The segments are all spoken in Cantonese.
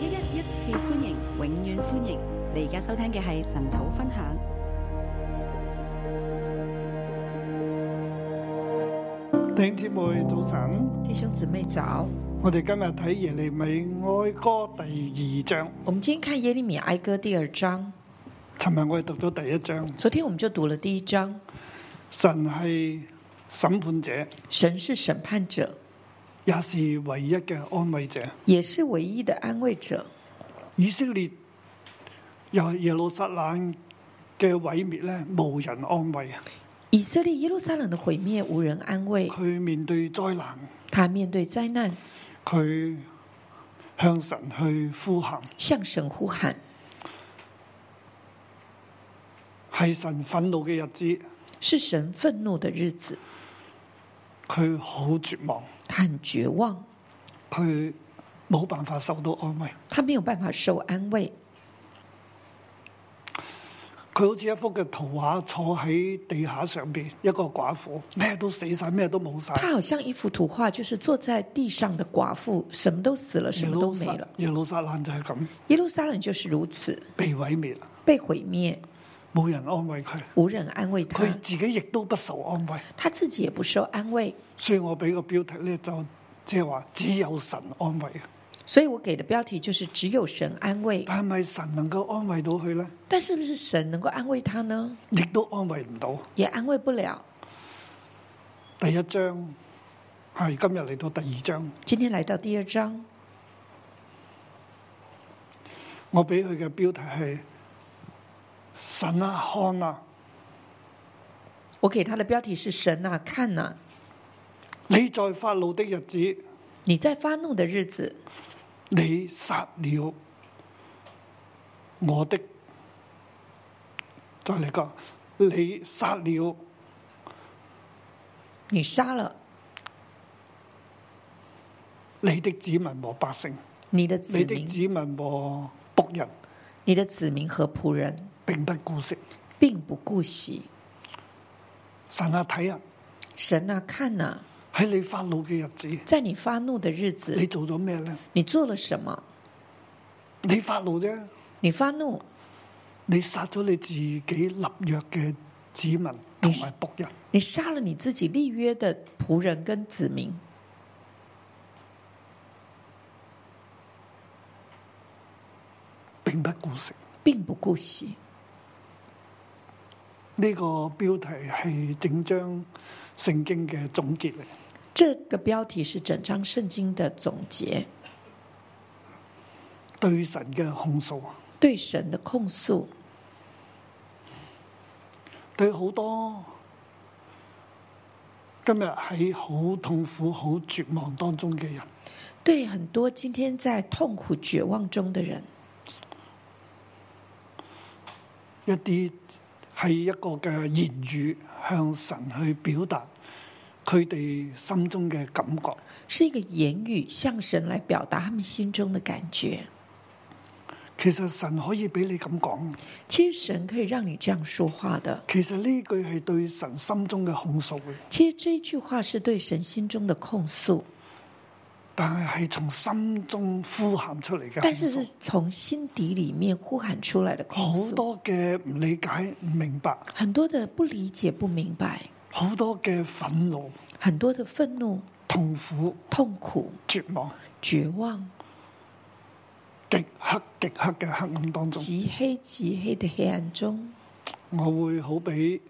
一一一次歡迎，永遠歡迎！你而家收聽嘅係神土分享。弟兄姊妹，早晨！弟兄姊妹早！我哋今日睇耶利米哀歌第二章。我們今天看耶利米哀歌第二章。尋日我哋讀咗第一章。昨天我們就讀了第一章。神係審判者。神是審判者。也是唯一嘅安慰者，也是唯一的安慰者。以色列又係耶路撒冷嘅毀滅咧，無人安慰啊！以色列耶路撒冷的毀滅，無人安慰。佢面對災難，他面對災難，佢向神去呼喊，向神呼喊，係神憤怒嘅日子，是神憤怒的日子，佢好絕望。很絕望，佢冇辦法受到安慰。他沒有辦法受安慰。佢好似一幅嘅圖畫，坐喺地下上邊一個寡婦，咩都死晒，咩都冇晒。佢好像一幅圖畫，就是坐在地上的寡婦，什麼都死了，什麼都沒了。耶路撒冷就係咁，耶路撒冷就是如此，被毀滅，被毀滅。冇人安慰佢，無人安慰佢，佢自己亦都不受安慰，他自己也不受安慰。所以我俾個標題呢，就即係話只有神安慰。所以我給的標題就是只有神安慰。但係神能夠安慰到佢呢？但是,是不是神能夠安慰他呢？亦都安慰唔到，也安慰不了。第一章係今日嚟到第二章，今天來到第二章，我俾佢嘅標題係。神啊看啊！我給他的標題是神啊看啊！你在發怒的日子，你在發怒的日子，你殺了我的。再嚟講，你殺了你殺了你的子民和百姓，你的你的子民和僕人，你的子民和僕人。並不顧惜，並不顧惜。神啊睇啊，神啊看啊，喺你發怒嘅日子，在你發怒嘅日子，你做咗咩呢？你做了什麼？你發怒啫！你發怒，你殺咗你自己立約嘅子民同埋僕人，你殺了你自己立約嘅僕人跟子民，並不顧惜，並不顧惜。呢、這個標題係整張聖經嘅總結嚟。這個標題是整張聖經的總結，對神嘅控訴，對神的控訴，對好多今日喺好痛苦、好絕望當中嘅人，對很多今天在痛苦絕望中的人，一啲。係一個嘅言語向神去表達佢哋心中嘅感覺，是一個言語向神來表達他們心中嘅感覺。其實神可以俾你咁講，其實神可以讓你這樣說話的。其實呢句係對神心中嘅控訴。其實這句話是對神心中的控訴的。但係係從心中呼喊出嚟嘅，但是是從心底裏面呼喊出來的。好多嘅唔理解、唔明白，很多的不理解、不明白，好多嘅憤怒，很多的憤怒、痛苦、痛苦、絕望、絕望，極黑極黑嘅黑暗當中，極黑極黑的黑暗中，我會好比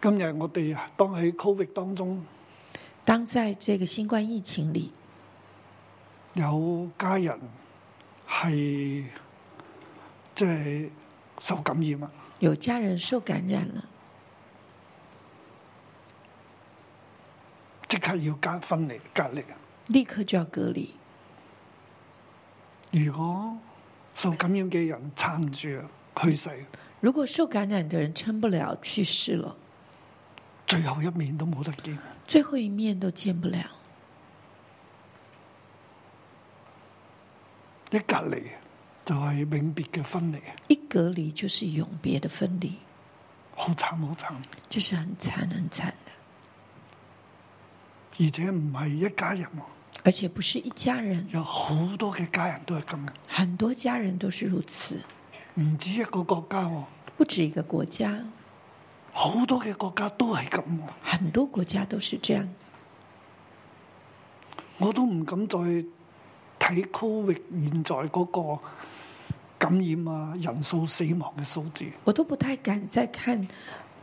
今日我哋當喺 COVID 當中，當在這個新冠疫情裏。有家人係即係受感染啊！有家人受感染啦，即刻要隔分離隔離。立刻就要隔離。如果受感染嘅人撐唔住啊，去世。如果受感染的人撐不了，去世了，最後一面都冇得見。最後一面都見不了。一隔離就係永別嘅分離。一隔離就是永別嘅分離，好慘好慘，就是很慘很慘，而且唔係一家人哦。而且不是一家人，有好多嘅家人都係咁嘅。很多家人都是如此，唔止一個國家哦，不止一個國家，好多嘅國家都係咁啊！很多國家都是這樣，我都唔敢再。睇 COVID 現在嗰個感染啊人數死亡嘅數字，我都不太敢再看，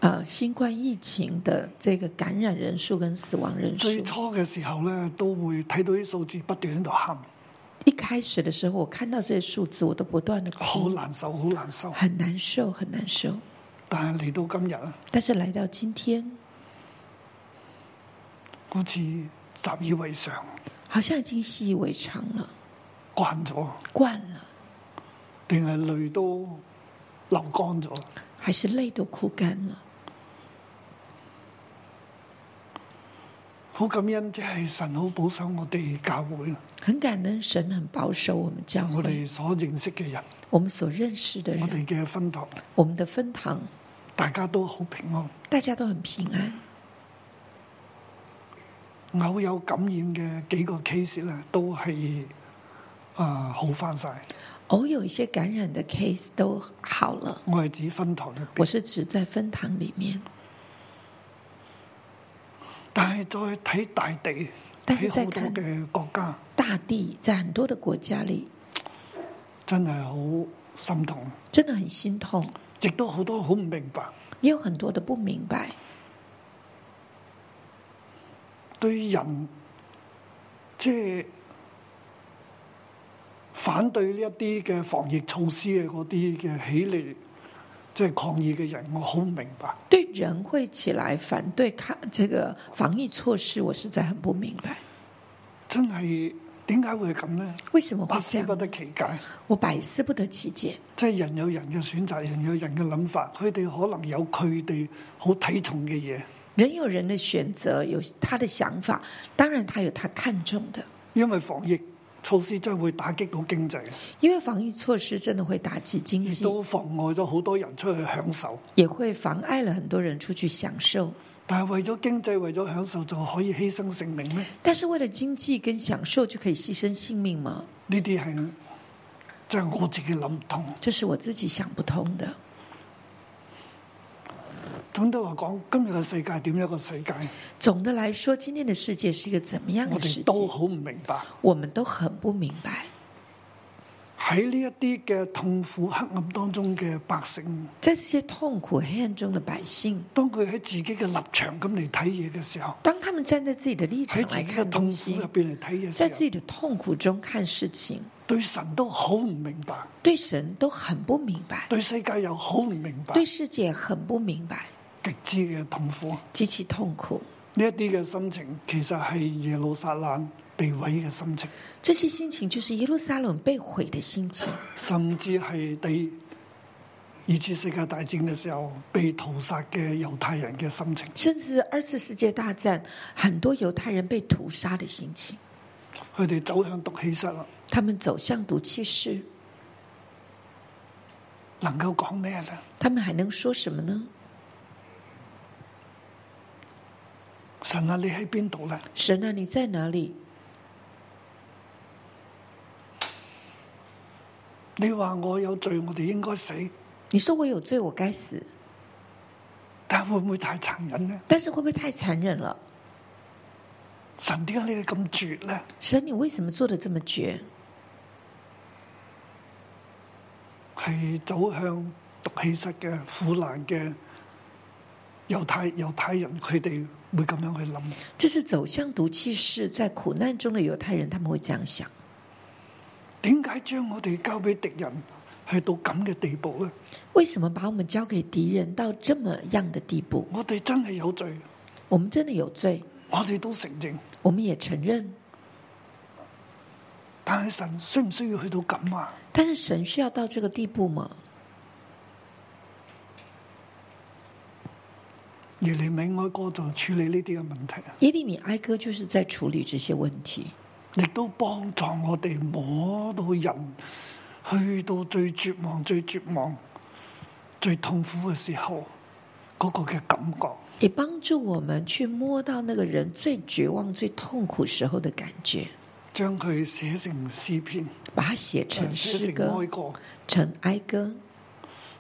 呃。新冠疫情的這個感染人數跟死亡人數，最初嘅時候呢，都會睇到啲數字不斷喺度喊。一開始嘅時候，我看到這些數字，我都不斷的好難受，好難受，很難受，很難受。但係嚟到今日咧，但是嚟到今天，好似習以為常。好像已經習以為常了，慣咗，慣了，定係淚都流乾咗，還是淚都哭乾了？好感恩，即係神好保守我哋教會。很感恩，神很保守我們教會。我哋所認識嘅人，我們所認識的人，我哋嘅分堂，我們的分堂，大家都好平安，大家都很平安。偶有感染嘅幾個 case 咧，都係啊好翻晒。偶有一些感染嘅 case 都好了。我係指分堂，我是指在分堂裏面。但係再睇大地，睇好多嘅國家。大地在很多的國家裏，真係好心痛，真的很心痛，亦都好多好唔明白，也有很多的不明白。對人即係、就是、反對呢一啲嘅防疫措施嘅嗰啲嘅起嚟即係抗議嘅人，我好唔明白。對人會起來反對，看這個防疫措施，我實在很不明白。真係點解會係咁呢？為什麼我百思不得其解。我百思不得其解。即、就、係、是、人有人嘅選擇，人有人嘅諗法，佢哋可能有佢哋好睇重嘅嘢。人有人的選擇，有他的想法，當然他有他看重的。因為防疫措施真會打擊到經濟，因為防疫措施真的會打擊經濟，都妨礙咗好多人出去享受，也會妨礙了很多人出去享受。但係為咗經濟，為咗享受就可以犧牲性命咩？但是為了經濟跟享受就可以犧牲性命嗎？呢啲係即係我自己諗唔通，即係我自己想唔通嘅。總的嚟講，今日嘅世界係點樣一個世界？總的來說，今天的世界是一個怎麼樣嘅世界？我哋都好唔明白。我們都很不明白。喺呢一啲嘅痛苦黑暗當中嘅百姓，在這些痛苦黑暗中嘅百姓，當佢喺自己嘅立場咁嚟睇嘢嘅時候，當他們站在自己嘅立場喺自己嘅痛苦入邊嚟睇嘢，時候，在自己嘅痛，痛苦中看事情，對神都好唔明白，對神都很不明白，對世界又好唔明白，對世界很不明白。極之嘅痛苦，極其痛苦。呢一啲嘅心情，其實係耶路撒冷被毀嘅心情。這些心情就是耶路撒冷被毀嘅心情。甚至係第二次世界大戰嘅時候被屠殺嘅猶太人嘅心情。甚至二次世界大戰，很多猶太人被屠殺嘅心情。佢哋走向毒氣室啦。他們走向毒氣室，室，能夠講咩呢？他們還能說什麼呢？神啊，你喺邊度呢？神啊，你在哪裏？你話我有罪，我哋應該死。你說我有罪，我該死，但會唔會太殘忍呢？但是會唔會太殘忍了？神，點解你咁絕呢？神，你為什麼做得這麼絕？係走向毒氣室嘅苦難嘅猶太猶太人，佢哋。會咁樣去諗？這是走向毒氣室，在苦難中嘅猶太人，他們會這樣想：點解將我哋交俾敵人，去到咁嘅地步呢？為什麼把我們交給敵人到這麼樣嘅地步？我哋真係有罪，我們真的有罪，我哋都承認，我們也承認。但係神需唔需要去到咁啊？但是神需要到這個地步嗎？耶利米哀歌就處理呢啲嘅問題。耶利米哀歌就是在處理這些問題，亦都幫助我哋摸到人去到最絕望、最絕望、最痛苦嘅時候嗰個嘅感覺。亦幫助我們去摸到那個人最絕望、最痛苦的時候嘅感覺，將佢寫成詩篇，把它寫成詩歌，成哀歌。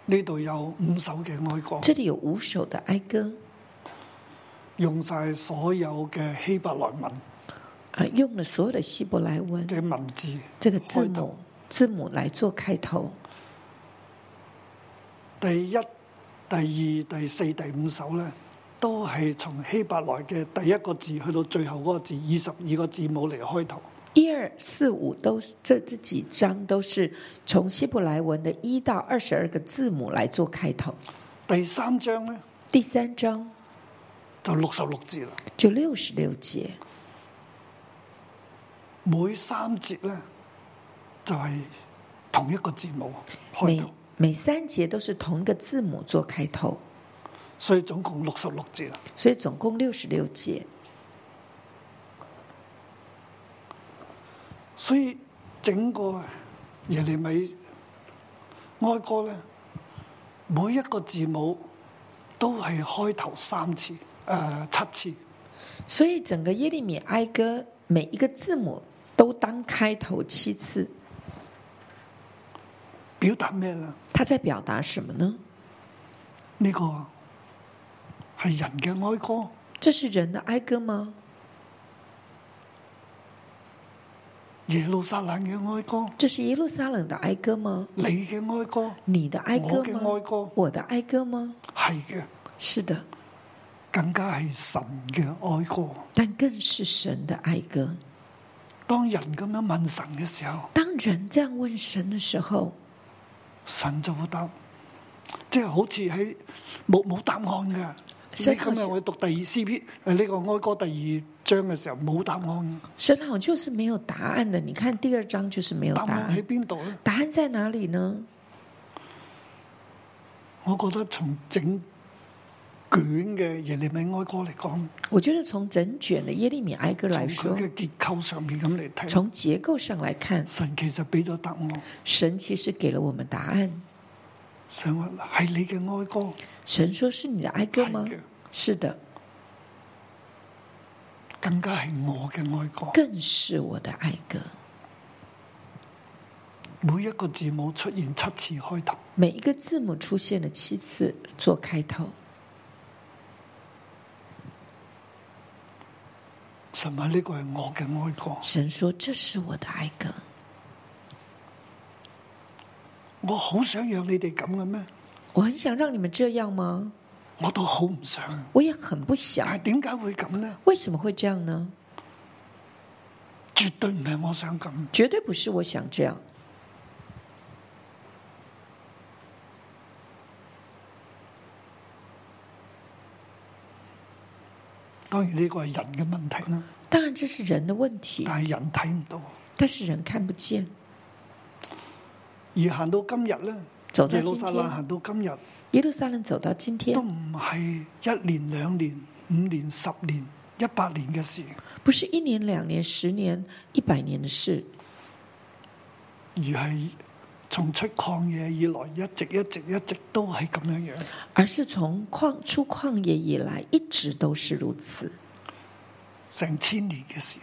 呢度有五首嘅哀歌，這裏有五首的哀歌。用晒所有嘅希伯來文用了所有的希伯來文嘅文字，這個字母字母來做開頭。第一、第二、第四、第五首呢，都係從希伯來嘅第一個字去到最後嗰個字，二十二個字母嚟開頭。一、二、四、五都，這這幾章都是從希伯來文的一到二十二個字母來做開頭。第三章呢？第三章。就六十六節啦，就六十六節，每三節咧就係同一個字母開頭每，每三節都是同一個字母做開頭，所以總共六十六節，所以總共六十六節，所以整個耶利米哀歌咧，每一個字母都係開頭三次。呃七次，所以整個耶利米哀歌每一個字母都當開頭七次，表達咩呢？他在表達什麼呢？呢個係人嘅哀歌，這是人的哀歌嗎？耶路撒冷嘅哀歌，這是耶路撒冷的哀歌嗎？你嘅哀歌，你的哀歌嗎？我的哀歌，我的哀歌嗎？係嘅，是的。是的更加係神嘅哀歌，但更是神嘅哀歌。當人咁樣問神嘅時候，當人這樣問神嘅時候，神就會答，即係好似喺冇冇答案嘅。所以今日我讀第二 C P 誒、這、呢個哀歌第二章嘅時候冇答案。神好就是沒有答案嘅。你看第二章就是沒有答案喺邊度呢？答案在哪裏呢？我覺得從整。卷嘅耶利米哀歌嚟講，我覺得從整卷嘅耶利米哀歌來說，從佢嘅結構上面咁嚟睇，從結構上來看，神其實俾咗答案，神其實給了我們答案。神話係你嘅哀歌，神說是你的哀歌嗎？是的，是的更加係我嘅哀歌，更是我的哀歌。每一個字母出現七次開頭，每一個字母出現了七次做開頭。神話呢個係我嘅愛歌。神說這是我的愛歌。我好想讓你哋咁嘅咩？我很想讓你們這樣嗎？我都好唔想，我也很不想。但係點解會咁呢？為什麼會這樣呢？絕對唔係我想咁，絕對不是我想這樣。當然呢個係人嘅問題啦。當然這是人的問題。但係人睇唔到。但是人看不見。而行到今日呢，走六十三行到今日，耶路撒冷走到今天，都唔係一年、兩年、五年、十年、一百年嘅事。不是一年、兩年、十年、一百年嘅事，而係。從出曠野以來，一直一直一直都係咁樣樣，而是從曠出曠野以來，一直都是如此，成千年嘅事，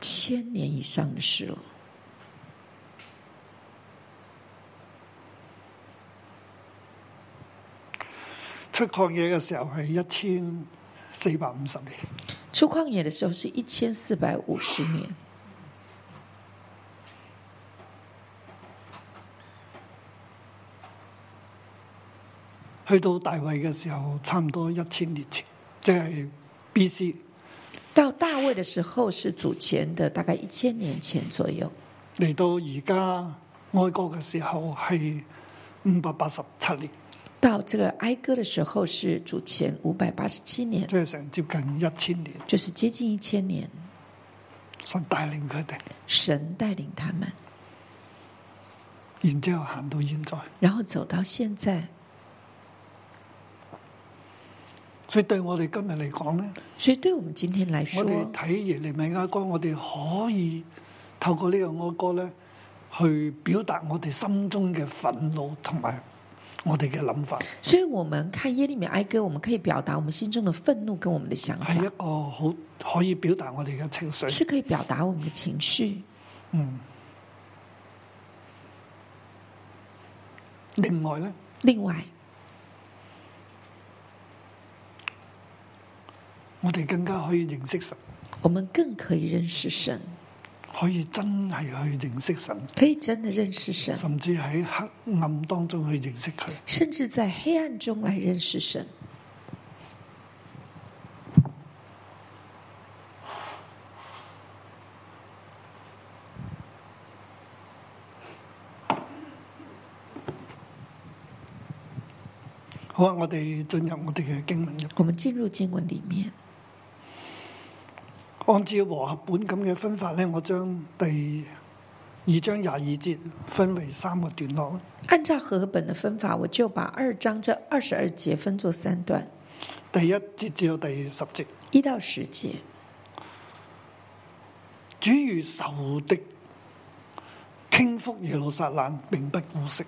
千年以上嘅事咯。出曠野嘅時候係一千四百五十年，出曠野嘅時候係一千四百五十年。去到大衛嘅時候，差唔多一千年前，即係 B.C。到大衛嘅時候是主前嘅大概一千年前左右。嚟到而家哀歌嘅時候係五百八十七年。到這個哀歌嘅時候是主前五百八十七年，即係成接近一千年。就是接近一千年。神帶領佢哋。神帶領他們。然之後行到現在。然後走到現在。所以對我哋今日嚟講咧，所以對我們今天嚟說，我哋睇耶利米哀歌，我哋可以透過呢個歌咧，去表達我哋心中嘅憤怒同埋我哋嘅諗法。所以，我們看耶利米哀歌，歌，歌，我們可以表達我們心中嘅憤怒跟我們嘅想法。係一個好可以表達我哋嘅情緒，係可以表達我們嘅情緒。嗯，另外咧，另外。我哋更加可以認識神，我們更可以認識神，可以真係去認識神，可以真的認識神，甚至喺黑暗當中去認識佢，甚至在黑暗中來認識神。好啊，我哋進入我哋嘅經文。我們進入經文裏面。按照和合本咁嘅分法咧，我將第二章廿二節分為三個段落。按照和合本嘅分法，我就把二章這二十二節分作三段。第一節至到第十節，一到十節。主如仇敵傾覆耶路撒冷，並不顧惜；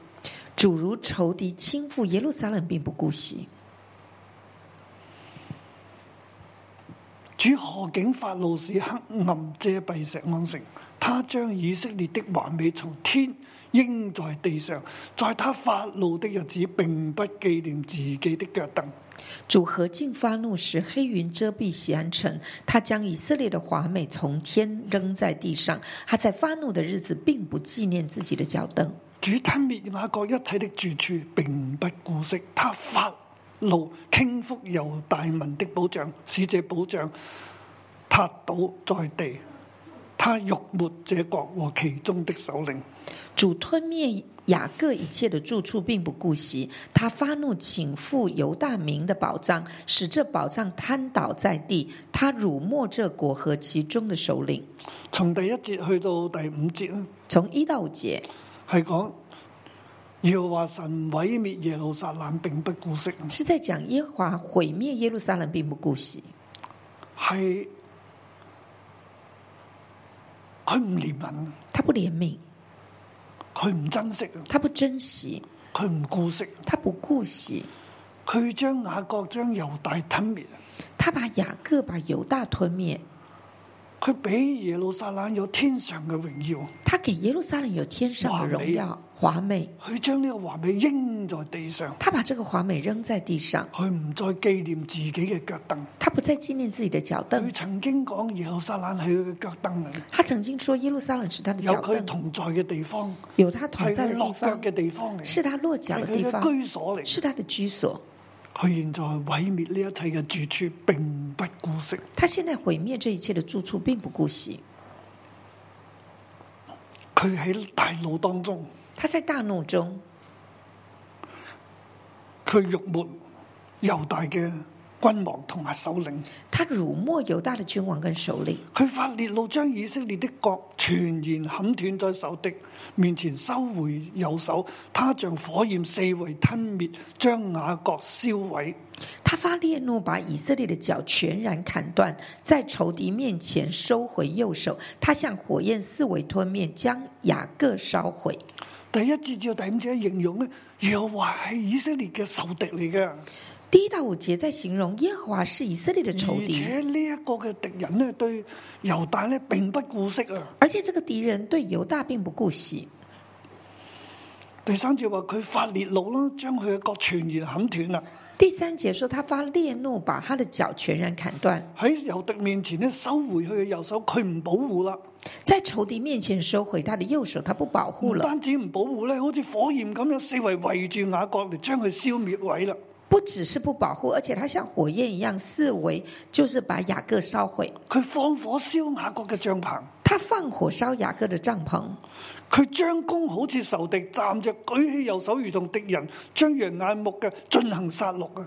主如仇敵傾覆耶路撒冷，並不顧惜。主何竟發怒時黑暗遮蔽錫安城，他將以色列的華美從天扔在地上，在他發怒的日子，並不紀念自己的腳凳。主何竟發怒時黑雲遮蔽錫安城，他將以色列的華美從天扔在地上，他在發怒的日子，並不紀念自己的腳凳。主吞滅雅各一切的住處，並不顧惜，他發。路傾覆猶大民的保障，使這保障塌倒在地；他辱沒這國和其中的首領。主吞滅雅各一切的住處，並不顧惜。他發怒傾覆猶大民的保障，使這保障癱倒在地；他辱沒這國和其中的首領。從第一節去到第五節啦，從一到五節係講。若話神毀滅耶路撒冷並不顧惜，是在講耶華毀滅耶路撒冷並不顧惜，係佢唔憐憫，他不憐憫，佢唔珍惜，他不珍惜，佢唔顧惜，他不顧惜，佢將雅各將猶大吞滅，他把雅各把猶大吞滅。佢俾耶路撒冷有天上嘅榮耀，他給耶路撒冷有天上的榮耀，華美。佢將呢個華美扔在地上，他把這個華美扔在地上。佢唔再紀念自己嘅腳凳，他不再紀念自己的腳凳。佢曾經講耶路撒冷係佢嘅腳凳，他曾經說耶路撒冷是他的腳凳。有佢同在嘅地方，有他同在嘅地方，落腳嘅地方嚟，是他落腳嘅地方，居所嚟，是他的居所。佢現在毀滅呢一切嘅住處，並不顧惜。他現在毀滅這一切嘅住處，並不顧惜。佢喺大怒當中，他在大怒中，佢欲沒猶大嘅君王同埋首領，他辱沒猶大的君王跟首領。佢發烈怒，將以色列的角全然砍斷，在仇敵面前收回右手。他像火焰四圍吞滅，將雅各燒毀。他發烈怒，把以色列的腳全然砍斷，在仇敵面前收回右手。他像火焰四圍吞滅，將雅各燒毀。第一至至第五節形容呢？又話係以色列嘅仇敵嚟嘅。第一到五節在形容耶和華是以色列的仇敵，而且呢一個嘅敵人呢對猶大呢並不顧惜啊。而且這個敵人對猶大並不顧惜。第三節話佢發烈怒咯，將佢嘅角全然砍斷啦。第三節說他發烈怒，把他的腳全然砍斷。喺仇敵面前呢，收回佢嘅右手，佢唔保護啦。在仇敵面前收回他的右手，他不保護。唔單止唔保護咧，好似火焰咁樣四圍圍住雅各嚟將佢消滅毀啦。不只是不保護，而且他像火焰一樣四圍，就是把雅各燒毀。佢放火燒雅各嘅帳篷。他放火燒雅各的帳篷。佢將弓好似仇敵，站着舉起右手，如同敵人，將人眼目嘅進行殺戮啊！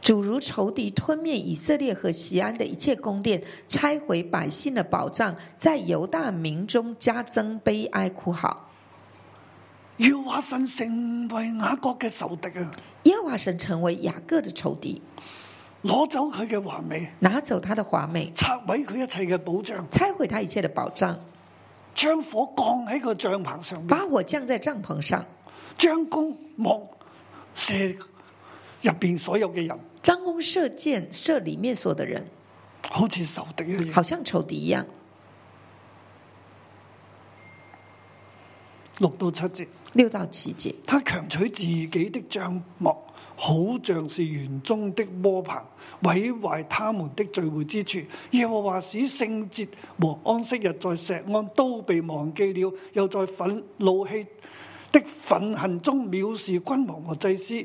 主如仇敵吞滅以色列和西安的一切宮殿，拆毀百姓的保障，在猶大民中加增悲哀哭號。耶和華神成為雅各嘅仇敵啊！耶和華神成為雅各的仇敵，攞走佢嘅華美，拿走他的華美，拆毀佢一切嘅保障，拆毀他一切的保障，將火降喺個帳篷上，把火降在帳篷上，將弓莫射。入邊所有嘅人，張弓射箭，射裏面所嘅人,人，好似仇敵一樣，好像仇敵一樣。六到七節，六到七節，他強取自己的帳幕，好像是園中的窩棚，毀壞他們的聚會之處。耶和華使聖節和安息日在錫安都被忘記了，又在忿怒氣的憤恨中藐視君王和祭司。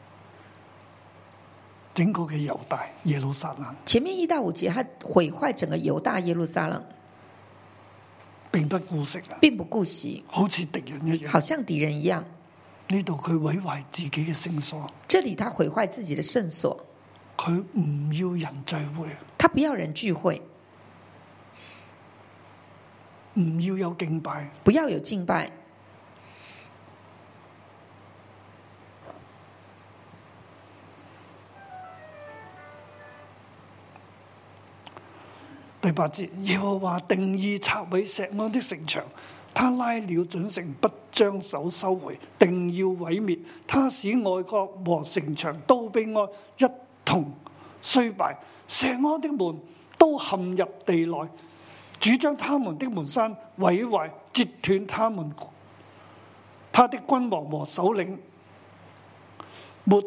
整個嘅猶大耶路撒冷，前面一到五節，他毀壞整個猶大耶路撒冷，並不顧惜，並不顧惜，好似敵人一樣，好像敵人一樣。呢度佢毀壞自己嘅聖所，這裏他毀壞自己的聖所，佢唔要人聚會，他不要人聚會，唔要有敬拜，不要有敬拜。第八節，要話定意拆毀石安的城牆，他拉了準繩不將手收回，定要毀滅。他使外國和城牆，都悲哀，一同衰敗。石安的門都陷入地內，主將他們的門山毀壞，截斷他們。他的君王和首領，沒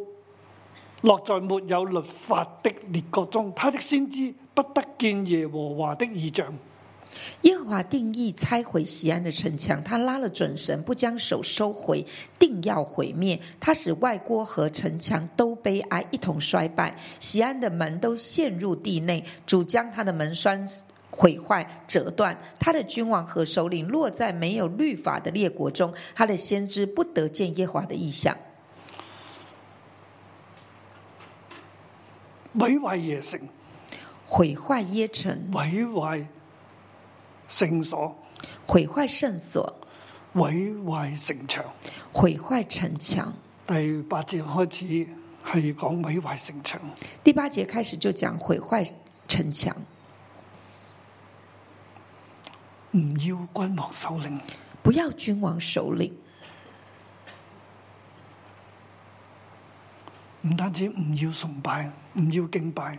落在沒有律法的列國中，他的先知。不得見耶和華的異象。耶和華定義拆毀西安的城牆，他拉了準繩，不將手收回，定要毀滅。他使外郭和城牆都悲哀，一同衰敗。西安的門都陷入地內，主將他的門閂毀壞折斷。他的君王和首領落在沒有律法的列國中，他的先知不得見耶和華的異象。美化耶聖。毀壞耶城，毀壞聖所，毀壞聖所，毀壞城牆，毀壞城牆。第八節開始係講毀壞城牆，第八節開始就講毀壞城牆。唔要君王首領，不要君王首領，唔單止唔要崇拜，唔要敬拜。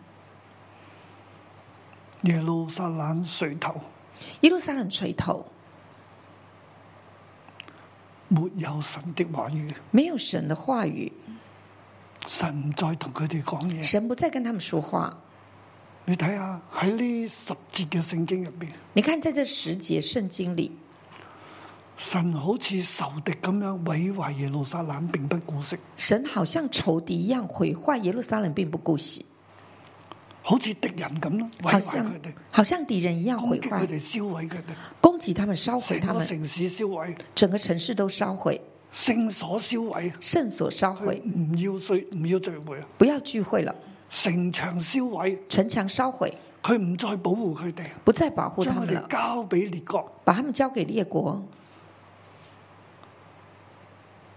耶路撒冷垂頭，耶路撒冷垂頭，沒有神的話語，沒有神的話語，神唔再同佢哋講嘢，神不再跟他們說話。你睇下喺呢十節嘅聖經入邊，你看在這十節聖經裏，神好似仇敵咁樣毀壞耶路撒冷，並不顧惜。神好像仇敵一樣毀壞耶路撒冷，並不顧惜。好似敵人咁咯，毀壞佢哋，好像敵人一樣毀壞佢哋，燒毀佢哋，攻擊他們，燒毀他們，整個城市燒毀，整個城市都燒毀，聖所燒毀，聖所燒毀，唔要聚唔要聚會啊，不要聚會了，城牆燒毀，城牆燒毀，佢唔再保護佢哋，不再保護佢哋，將佢哋交俾列國，把他們交給列國。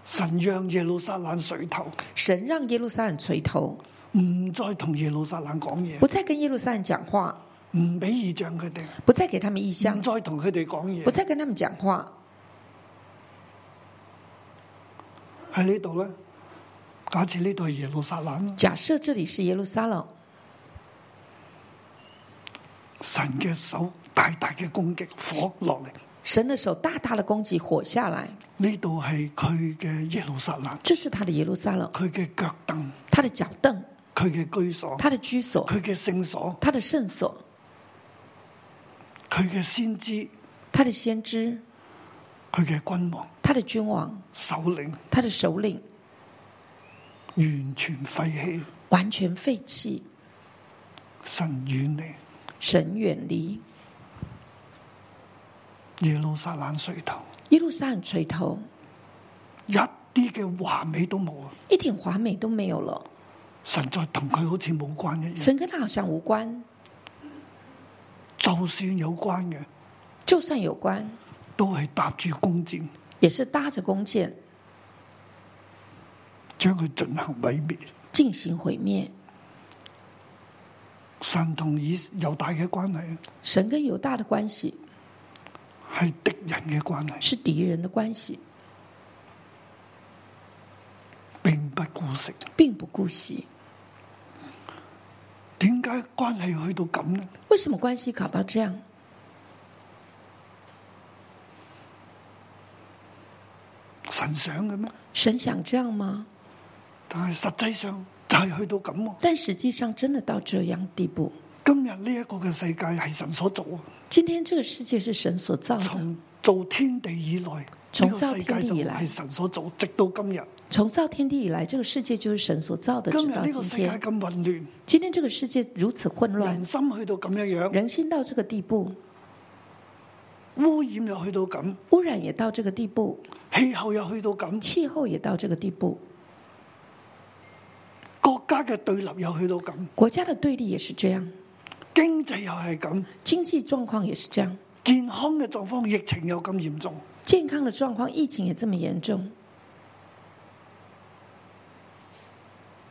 神讓耶路撒冷水頭，神讓耶路撒冷垂頭。唔再同耶路撒冷講嘢，唔再跟耶路撒冷講話，唔畀異象佢哋，唔再給他們異象，唔再同佢哋講嘢，唔再跟他們講話。喺呢度呢，假設呢度係耶路撒冷，假設這裏是耶路撒冷，神嘅手大大嘅攻擊火落嚟，神嘅手大大嘅攻擊火下來，呢度係佢嘅耶路撒冷，這是他的耶路撒冷，佢嘅腳凳，他的腳凳。佢嘅居所，他的居所；佢嘅聖所，他的聖所；佢嘅先知，他的先知；佢嘅君王，他的君王；首領，他的首領，完全廢棄，完全廢棄，神遠離，神遠離，耶路撒冷垂頭，頭，耶路撒冷垂頭，一啲嘅華美都冇啊，一點華美都沒有了。神在同佢好似冇關一樣，神跟他好像無關。就算有關嘅，就算有關，都係搭住弓箭，也是搭着弓箭，將佢進行毀滅，進行毀滅。神同以猶大嘅關係，神跟猶大的關係，係敵人嘅關係，是敵人的關係，並不顧惜。並不顧惜。家關係去到咁咧？為什麼關係搞到這樣？神想嘅咩？神想這樣嗎？但係實際上就係去到咁啊！但實際上真係到這樣地步。今日呢一個嘅世界係神所造啊！今天這個世界是神所造的。從造天地以來，從造天地以來，這個，神所造，直到今日。從造天地以來，這個世界就是神所造的，直到今天。今日呢個世界咁混亂，今天這個世界如此混亂，人心去到咁樣樣，人心到這個地步，污染又去到咁，污染也到這個地步，氣候又去到咁，氣候也到這個地步，國家嘅對立又去到咁，國家的對立也是這樣，經濟又係咁，經濟狀況也是這樣，健康嘅狀況疫情又咁嚴重，健康的狀況疫情也這麼嚴重。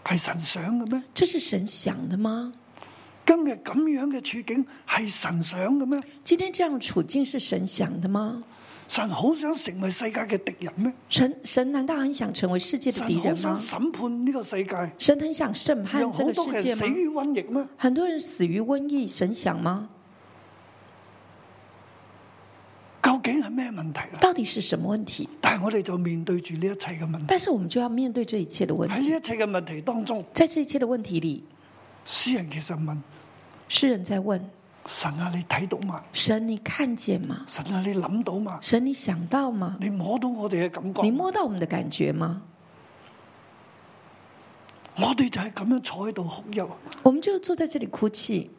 係神想嘅咩？這是神想的嗎？今日咁樣嘅處境係神想嘅咩？今天這樣的處境是神想的嗎？神好想成為世界嘅敵人咩？神，神難道很想成為世界的敵人嗎？審判呢個世界，神很想審判，有好多人死於瘟疫嗎？很多人死於瘟疫，神想嗎？究竟係咩問題？到底是什麼問題？但係我哋就面對住呢一切嘅問題。但是我們就要面對這一切嘅問題。喺呢一切嘅問題當中，在這一切嘅問題裏，詩人其實問：詩人在問，神啊，你睇到嗎？神你看見嗎？神啊，你諗到嗎？神你想到嗎？你摸到我哋嘅感覺？你摸到我們嘅感覺嗎？我哋就係咁樣坐喺度哭泣。我們就坐在這裏哭泣。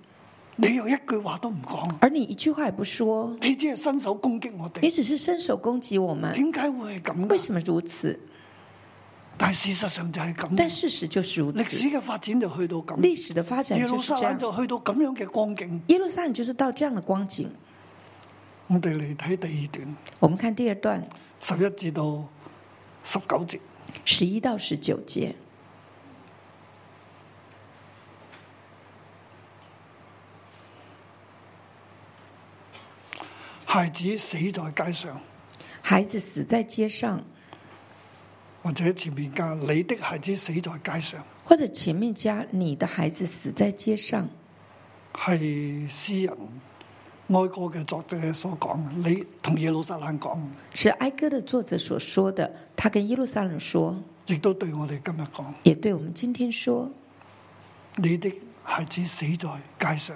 你又一句話都唔講，而你一句話也不說，你只係伸手攻擊我哋，你只是伸手攻擊我們，點解會係咁？為什麼如此？但事實上就係咁，但事實就是如此，歷史嘅發展就去到咁，歷史嘅發展，耶路撒冷就去到咁樣嘅光景，耶路撒冷就是到這樣嘅光景。我哋嚟睇第二段，我們看第二段，十一至到十九節，十一到十九節。孩子死在街上，孩子死在街上，或者前面加你的孩子死在街上，或者前面加你的孩子死在街上，係詩人哀歌嘅作者所講。你同耶路撒冷講？是哀歌嘅作者所說的，他跟耶路撒冷說，亦都對我哋今日講，也對我們今天說，你的孩子死在街上。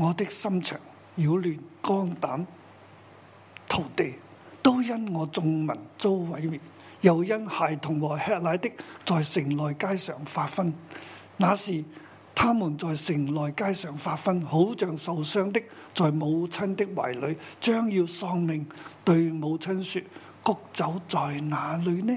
我的心腸擾亂，肝膽塗地，都因我眾民遭毀滅，又因孩童和吃奶的在城內街上發昏。那時他們在城內街上發昏，好像受傷的在母親的懷裡，將要喪命。對母親說：谷酒在哪裏呢？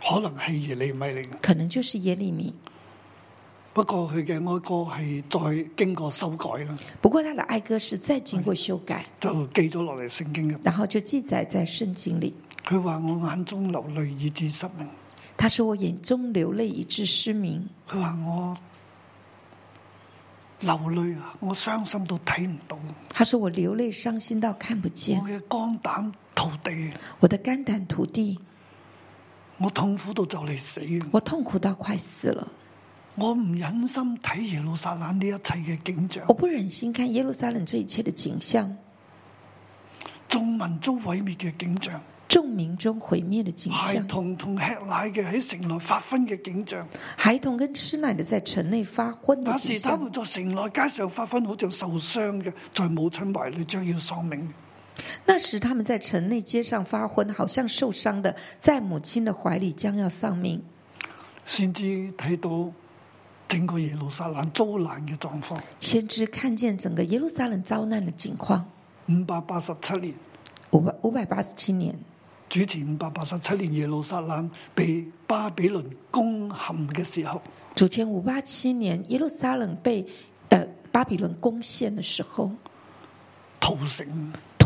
可能係耶利米嚟，可能就是耶利米。不過佢嘅哀歌係再經過修改啦。不過，他的哀歌是再經過修改，是就記咗落嚟聖經，然後就記載在聖經裏。佢話我眼中流淚以至失明。他說我眼中流淚以至失明。佢話我流淚啊，我傷心到睇唔到。他說我流淚傷心到看不見。我嘅肝膽塗地，我的肝膽塗地。我痛苦到就嚟死，我痛苦到快死了。我唔忍心睇耶路撒冷呢一切嘅景象，我不忍心看耶路撒冷這一切嘅景象，眾民遭毀滅嘅景象，眾民遭毀滅嘅景象，孩童同吃奶嘅喺城內發昏嘅景象，孩童跟吃奶嘅在城內發昏。那時他們在城內街上發昏，好像受傷嘅，在母親懷裏將要喪命。那時他們在城內街上發昏，好像受傷的，在母親的懷裏將要喪命。先知睇到整個耶路撒冷遭難嘅狀況。先知看見整個耶路撒冷遭難嘅情況。五百八十七年，五百五百八十七年，主前五百八十七年，耶路撒冷被巴比倫攻陷嘅時候。主前五八七年，耶路撒冷被的巴比倫攻陷嘅時候，屠城。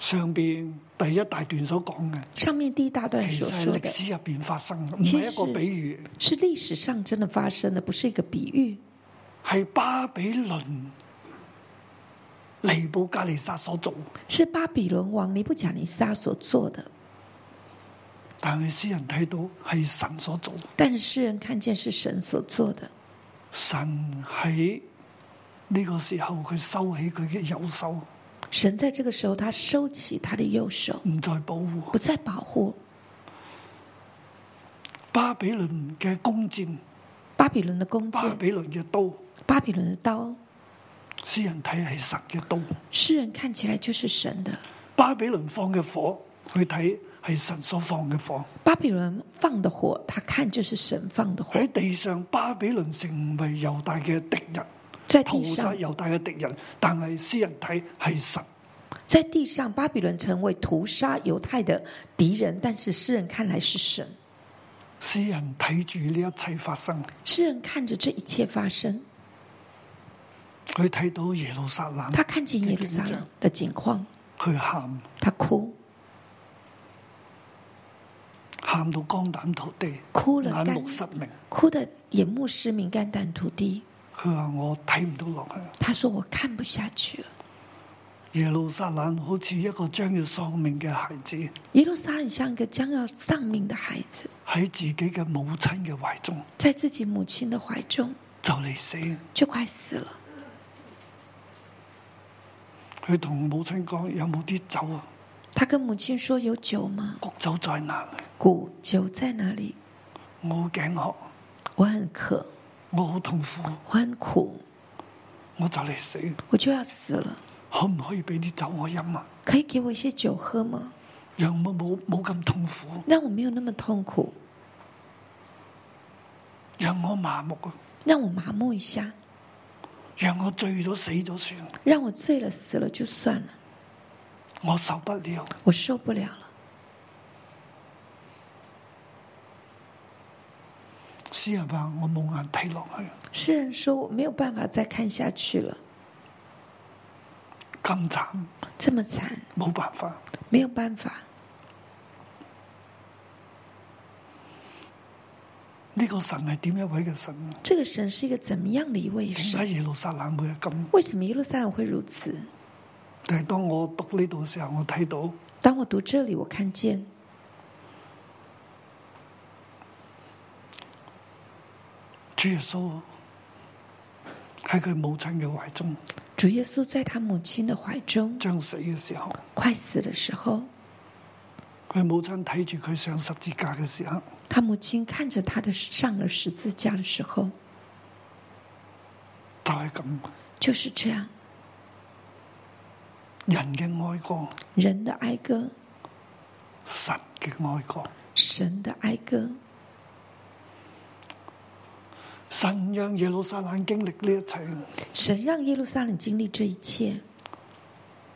上邊第一大段所講嘅，上面第一大段所說嘅，其實歷史入邊發生嘅，唔係一個比喻，係歷史上真的發生嘅，唔係一個比喻，係巴比倫尼布加利沙所做的，係巴比倫王尼布加利沙所做嘅。但係世人睇到係神所做，但係世人看見係神所做嘅。神喺呢個時候佢收起佢嘅右手。神在這個時候，他收起他的右手，唔再保護，不再保護。巴比倫嘅弓箭，巴比倫的弓箭，巴比倫嘅刀，巴比倫的刀，詩人睇係神嘅刀，詩人看起來就是神的。巴比倫放嘅火，佢睇係神所放嘅火。巴比倫放的火，他看就是神放的火。喺地上，巴比倫成為猶大嘅敵人。在地上屠殺猶太嘅敵人，但係詩人睇係神。在地上，巴比倫成為屠殺猶太的敵人，但是詩人看來是神。詩人睇住呢一切發生，詩人看着這一切發生，佢睇到耶路撒冷，他看見耶路撒冷的景況，佢喊，他哭，喊到肝膽塗地，哭了眼目失明，哭得眼目失明，肝膽塗地。佢話我睇唔到落去。佢說我看不下去了。耶路撒冷好似一個將要喪命嘅孩子。耶路撒冷像一個將要喪命的孩子。喺自己嘅母親嘅懷中。在自己母親的懷中，就嚟死。就快死了。佢同母親講，有冇啲酒啊？佢跟母親說，有酒嗎？酒在哪裏？酒在哪裏？我頸渴，我很渴。我好痛苦，我很苦，我就嚟死，我就要死了，可唔可以俾啲酒我飲啊？可以給我一些酒喝嗎？讓我冇咁痛苦，讓我沒有那麼痛苦，讓我麻木啊，讓我麻木一下，讓我醉咗死咗算，讓我醉了死了就算了，我受不了，我受不了。詩人，我說我沒有辦法再看下去了，咁慘，這麼慘，冇辦法，沒有辦法。呢個神係點樣一位嘅神？這個神是一個怎麼樣的一位神？耶路撒冷為什麼耶路撒冷會如此？但係當我讀呢度時候，我看見。主耶穌喺佢母親嘅懷中。主耶穌在他母親的懷中，將死嘅時候，快死的時候，佢母親睇住佢上十字架嘅時候，佢母親看着佢上了十字架嘅時候，就係、是、咁，就是這樣。人嘅哀歌，人的哀歌，神嘅哀歌，神的哀歌。神讓耶路撒冷經歷呢一切。神讓耶路撒冷經歷這一切。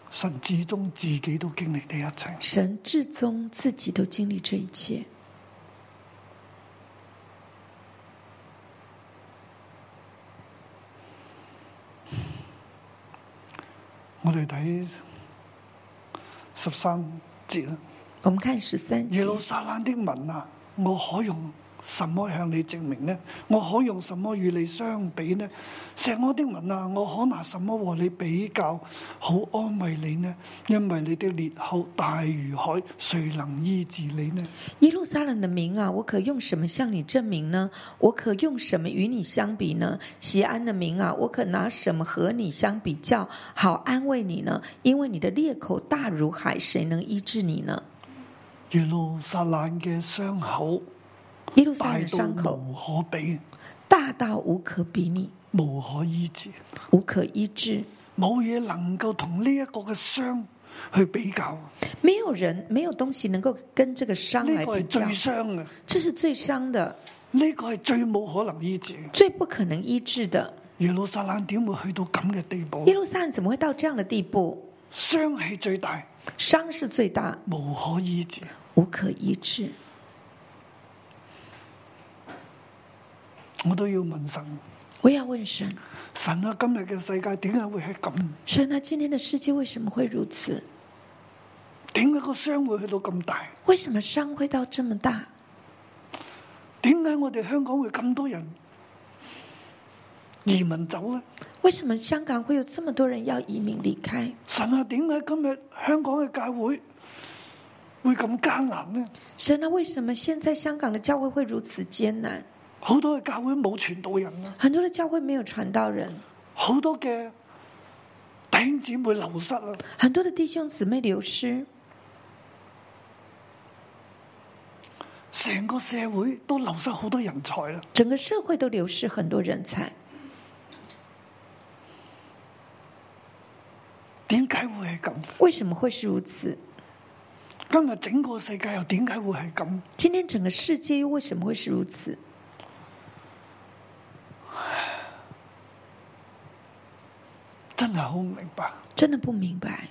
神至終自己都經歷呢一切。神至終自己都經歷這一切。我哋睇十三節啦。我們看十三節。耶路撒冷的文啊，我可用，什麼向你證明呢？我可用什麼與你相比呢？錫安的民啊，我可拿什麼和你比較好安慰你呢？因為你的裂口大如海，誰能醫治你呢？耶路撒冷的民啊，我可用什麼向你證明呢？我可用什麼與你相比呢？錫安的民啊，我可拿什麼和你相比較好安慰你呢？因為你的裂口大如海，誰能醫治你呢？耶路撒冷嘅傷口。耶路撒冷嘅傷口，大到無可比，大到無可比擬，無可醫治，無可醫治，冇嘢能夠同呢一個嘅傷去比較。沒有人，沒有東西能夠跟這個傷嚟比較。呢個係最傷嘅，這是最傷的，呢個係最冇可能醫治，最不可能醫治的。耶路撒冷點會去到咁嘅地步？耶路撒冷怎麼會到這樣的地步？傷係最大，傷是最大，無可醫治，無可醫治。我都要問神，我要問神，神啊！今日嘅世界點解會係咁？神啊！今天嘅世界為什麼會如此？點解個傷會去到咁大？為什麼傷會到這麼大？點解我哋香港會咁多人移民走呢？為什麼香港會有這麼多人要移民離開？神啊！點解今日香港嘅教會會咁艱難呢？神啊！為什麼現在香港嘅教會會如此艱難？好多嘅教會冇傳道人啦，很多嘅教會沒有傳道人，好多嘅弟兄姊妹流失啦，很多嘅弟兄姊妹流失，成個社會都流失好多人才啦，整個社會都流失很多人才，點解會係咁？為什麼會是如此？今日整個世界又點解會係咁？今天整個世界又為什麼會是如此？真係好唔明白，真係唔明白。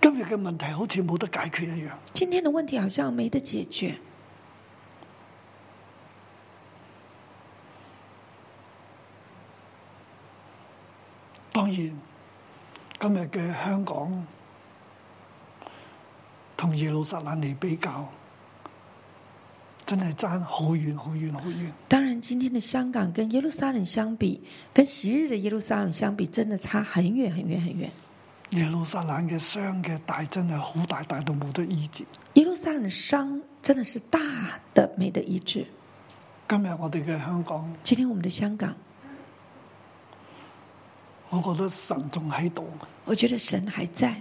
今日嘅問題好似冇得解決一樣。今天嘅問題好像冇得解決。當然，今日嘅香港同耶路撒冷嚟比較，真係爭好遠好遠好遠。當然，今天的香港跟耶路撒冷相比，跟昔日的耶路撒冷相比，真的差很遠很遠很遠。耶路撒冷嘅傷嘅大真係好大，大到冇得醫治。耶路撒冷嘅傷，真的是大得沒得醫治。今日我哋嘅香港，今天我們嘅香港，我覺得神仲喺度，我覺得神還在。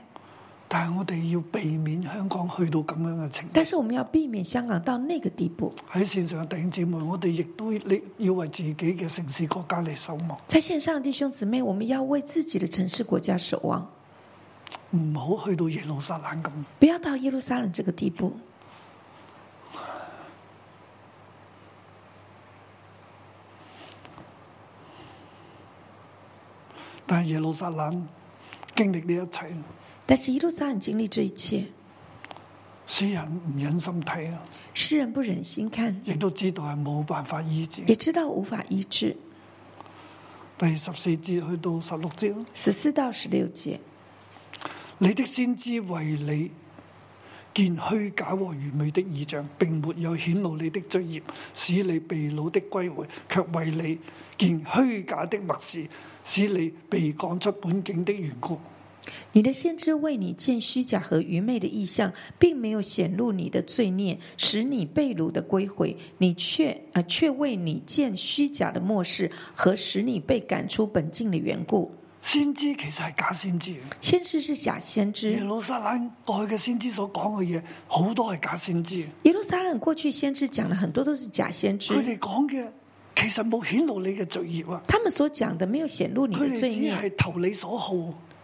但係我哋要避免香港去到咁樣嘅情況。但是我哋要避免香港到呢個地步。喺線上嘅弟兄姊妹，我哋亦都要為自己嘅城市國家嚟守望。喺線上嘅弟兄姊妹，我哋要為自己嘅城市國家守望。唔好去到耶路撒冷咁。不要到耶路撒冷呢個地步。但係耶路撒冷經歷呢一切。但是一路上經歷這一切，詩人唔忍心睇啊！詩人不忍心看，亦都知道係冇辦法醫治，也知道無法醫治。第十四節去到十六節，十四到十六節，你的先知為你見虛假和愚昧的異象，並沒有顯露你的罪孽，使你被擄的歸回，卻為你見虛假的默示，使你被趕出本境的緣故。你的先知為你見虛假和愚昧的意象，並沒有顯露你的罪孽，使你被擄的歸回。你卻啊、呃，卻為你見虛假的默示和使你被趕出本境的緣故。先知其實係假先知，先知是假先知。耶路撒冷過去嘅先知所講嘅嘢，好多係假先知。耶路撒冷過去先知講嘅很多都是假先知。佢哋講嘅其實冇顯露你嘅罪孽啊！他們所講嘅，沒有顯露你嘅罪孽，係投你所好。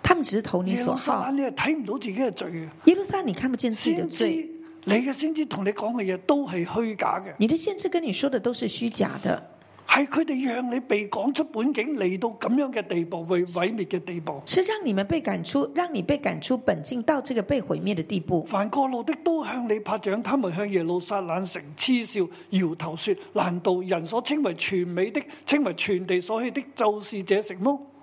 他們只是投你所好。耶路撒冷，你係睇唔到自己嘅罪。耶路撒，你看不見自己嘅罪。你嘅先知同你講嘅嘢都係虛假嘅。你嘅先知跟你說嘅都是虛假的。係佢哋讓你被趕出本境，嚟到咁樣嘅地步，為毀滅嘅地步。是讓你們被趕出，讓你被趕出本境，到這個被毀滅嘅地步。凡過路的都向你拍掌，他們向耶路撒冷城嗤笑，搖頭說：難道人所稱為全美的，稱為全地所去的就是這城麼？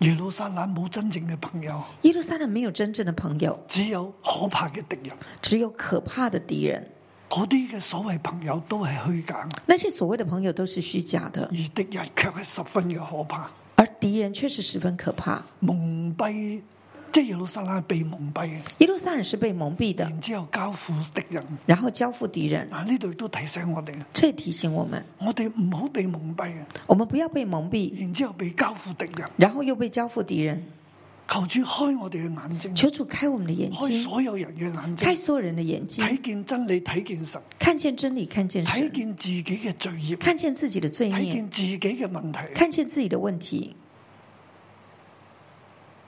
耶路撒冷冇真正嘅朋友，耶路撒冷沒有真正嘅朋友，只有可怕嘅敵人，只有可怕嘅敵人，嗰啲嘅所謂朋友都係虛假，那些所謂嘅朋友都是虛假的，而敵人卻係十分嘅可怕，而敵人確實十分可怕，蒙蔽。即係耶路撒冷被蒙蔽，耶路撒冷是被蒙蔽的。然之後交付敵人，然後交付敵人。啊，呢度都提醒我哋，這提醒我們，我哋唔好被蒙蔽啊！我們不要被蒙蔽。然之後被交付敵人，然後又被交付敵人。求主開我哋嘅眼睛，求主開我們的眼睛，開所有人嘅眼睛，開所有人嘅眼睛，睇見真理，睇見神，看見真理，看見，睇見自己嘅罪孽，看見自己嘅罪孽，睇見自己嘅問題，看見自己嘅問題。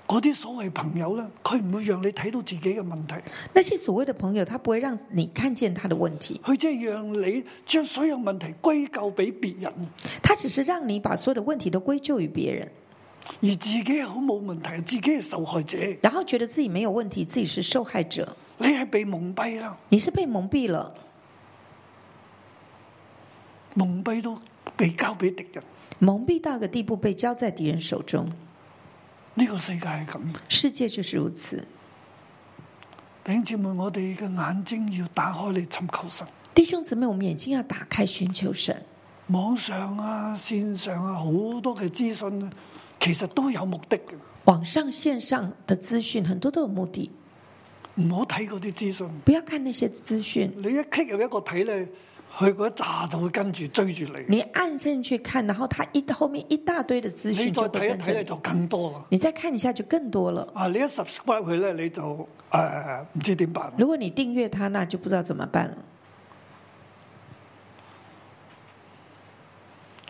嗰啲所謂朋友呢，佢唔會讓你睇到自己嘅問題。那些所謂嘅朋友，他不會讓你看見他的問題，佢只係讓你將所有問題歸咎俾別人。他只是讓你把所有的問題都歸咎於別人，而自己好冇問題，自己係受害者。然後覺得自己沒有問題，自己是受害者。你係被蒙蔽啦，你是被蒙蔽了，蒙蔽都被交俾敵人，蒙蔽到嘅地步被交在敵人手中。呢、這個世界係咁，世界就是如此。弟兄姊妹，我哋嘅眼睛要打開嚟，尋求神。弟兄姊妹，我哋眼睛要打開尋求神。網上啊，線上啊，好多嘅資訊，其實都有目的的。網上線上嘅資訊很多都有目的，唔好睇嗰啲資訊。不要看那些資訊，你一 click 入一個睇咧。去嗰一扎就會跟住追住你。你按進去看，然後他一後面一大堆的資訊，你再睇一睇呢就更多啦。你再看一下就更多了。啊，你一 subscribe 佢呢，你就呃、唔知點辦。如果你訂閱他，那就不知道怎麼辦了。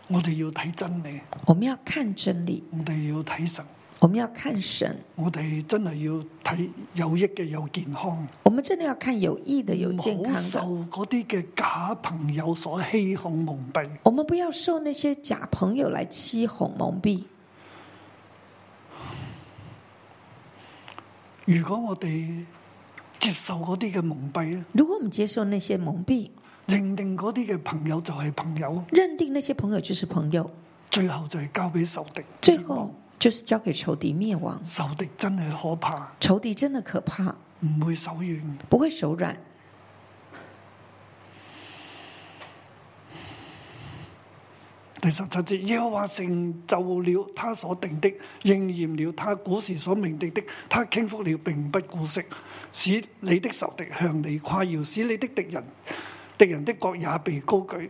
我哋要睇真理，我們要看真理，我哋要睇神。我們要看神，我哋真係要睇有益嘅，有健康。我們真係要看有益的，有健康的。受嗰啲嘅假朋友所欺哄蒙蔽。我們不要受那些假朋友來欺哄蒙蔽。如果我哋接受嗰啲嘅蒙蔽咧，如果我們接受那些蒙蔽，認定嗰啲嘅朋友就係朋友，認定那些朋友就是朋友，最後就係交俾仇敵。最後。就是交給仇敵滅亡，仇敵真係可怕，仇敵真的可怕，唔會手軟，不會手軟。第十七節，耶和 成就了他所定的，應驗了他古時所命定的，他傾覆了，並不姑息，使你的仇敵向你跨耀，使你的敵人，敵人的國也被高舉。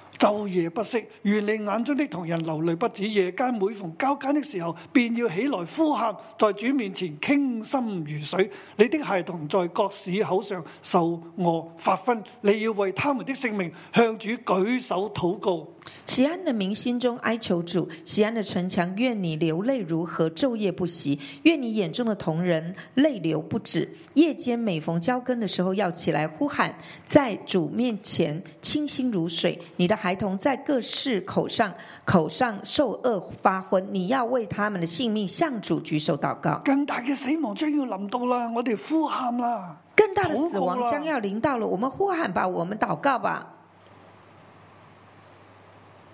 晝 夜不息，願你眼中的同人流淚不止。夜間每逢交更的時候，便要起來呼喊，在主面前傾心如水。你的孩童在各市口上受餓發昏，你要為他們的性命向主舉手禱告。錫安的民心中哀求主，錫安的城牆，願你流淚如河，晝夜不息，願你眼中的同人淚流不止。夜間每逢交更的時候，要起來呼喊，在主面前清心如水。你的。孩童在各市口上口上受餓發昏，你要為他們的性命向主舉手禱告。更大嘅死亡將要臨到啦，我哋呼喊啦！更大的死亡將要臨到了，我們呼喊吧，我們禱告吧。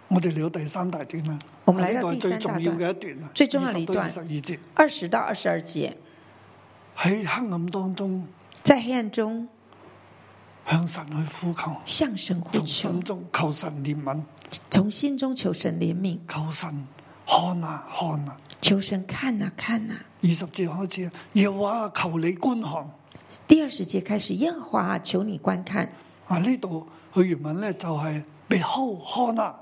我哋嚟到第三大段啦。我哋嚟到第三大段最重要嘅一段，最重要一段，十二節二十到二十二節。喺黑暗當中，在黑暗中。向神去呼求，向神呼求，心中求神憐憫，從心中求神憐憫，求神看啊看啊，求神看啊看啊。二十節開始，耶華求你觀看，第二十節開始，耶和華求你觀看。啊，呢度佢原文咧就係背後看啊，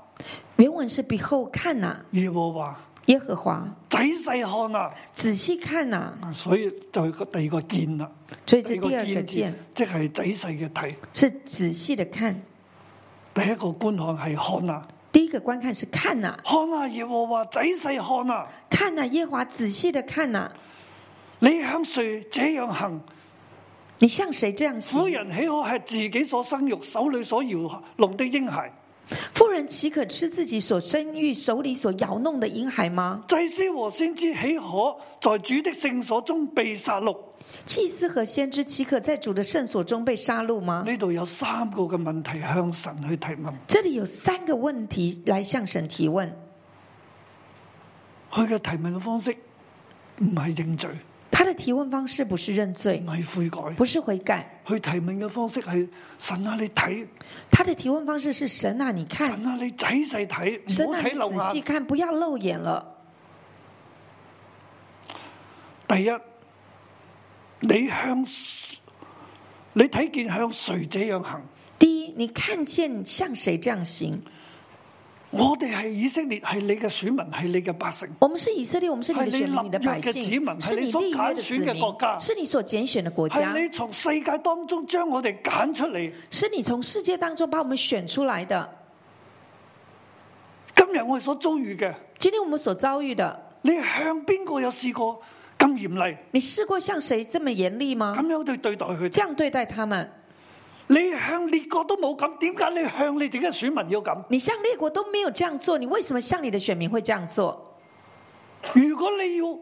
原文是背後看啊，耶和華。耶和華仔細看啊，仔細看啊，所以就係個第二個見啦。所以第二個見，即係仔細嘅睇。是仔細的看，第一個觀看係看啊。第一個觀看是看啊，看啊耶和華仔細看啊，看啊耶華仔細的看啊。你向誰這樣行？你向誰這樣行？婦人豈可係自己所生育、手裏所搖弄的嬰孩？婦人豈可吃自己所生育、手裏所搖弄的嬰孩嗎？祭司和先知豈可在主的聖所中被殺戮？祭司和先知豈可在主的聖所中被殺戮嗎？呢度有三個嘅問題向神去提問，這裏有三個問題來向神提問。佢嘅提問嘅方式唔係認罪。他的提問方式不是認罪，不是悔改。回去提問的方式是神啊，你睇。他的提問方式是神啊，你看。神啊，你仔細睇，唔好睇漏啊。仔細看，不要漏眼了。第一，你向你睇見向誰這樣行？第一，你看見向誰這樣行？我哋係以色列，係你嘅選民，係你嘅百姓。我們是以色列，我們是，是你立約嘅子民，係你所揀選嘅國家，係你所揀選嘅國家。你從世界當中將我哋揀出嚟，是你從世界當中把我們選出來的。今日我哋所遭遇嘅，今天我們所遭遇嘅。你向邊個有試過咁嚴厲？你試過像誰這麼嚴厲嗎？咁樣對對待佢，這樣對待他們。你向列國都冇咁，點解你向你自己嘅選民要咁？你向列國都沒有這樣做，你為什麼向你的選民會這樣做？如果你要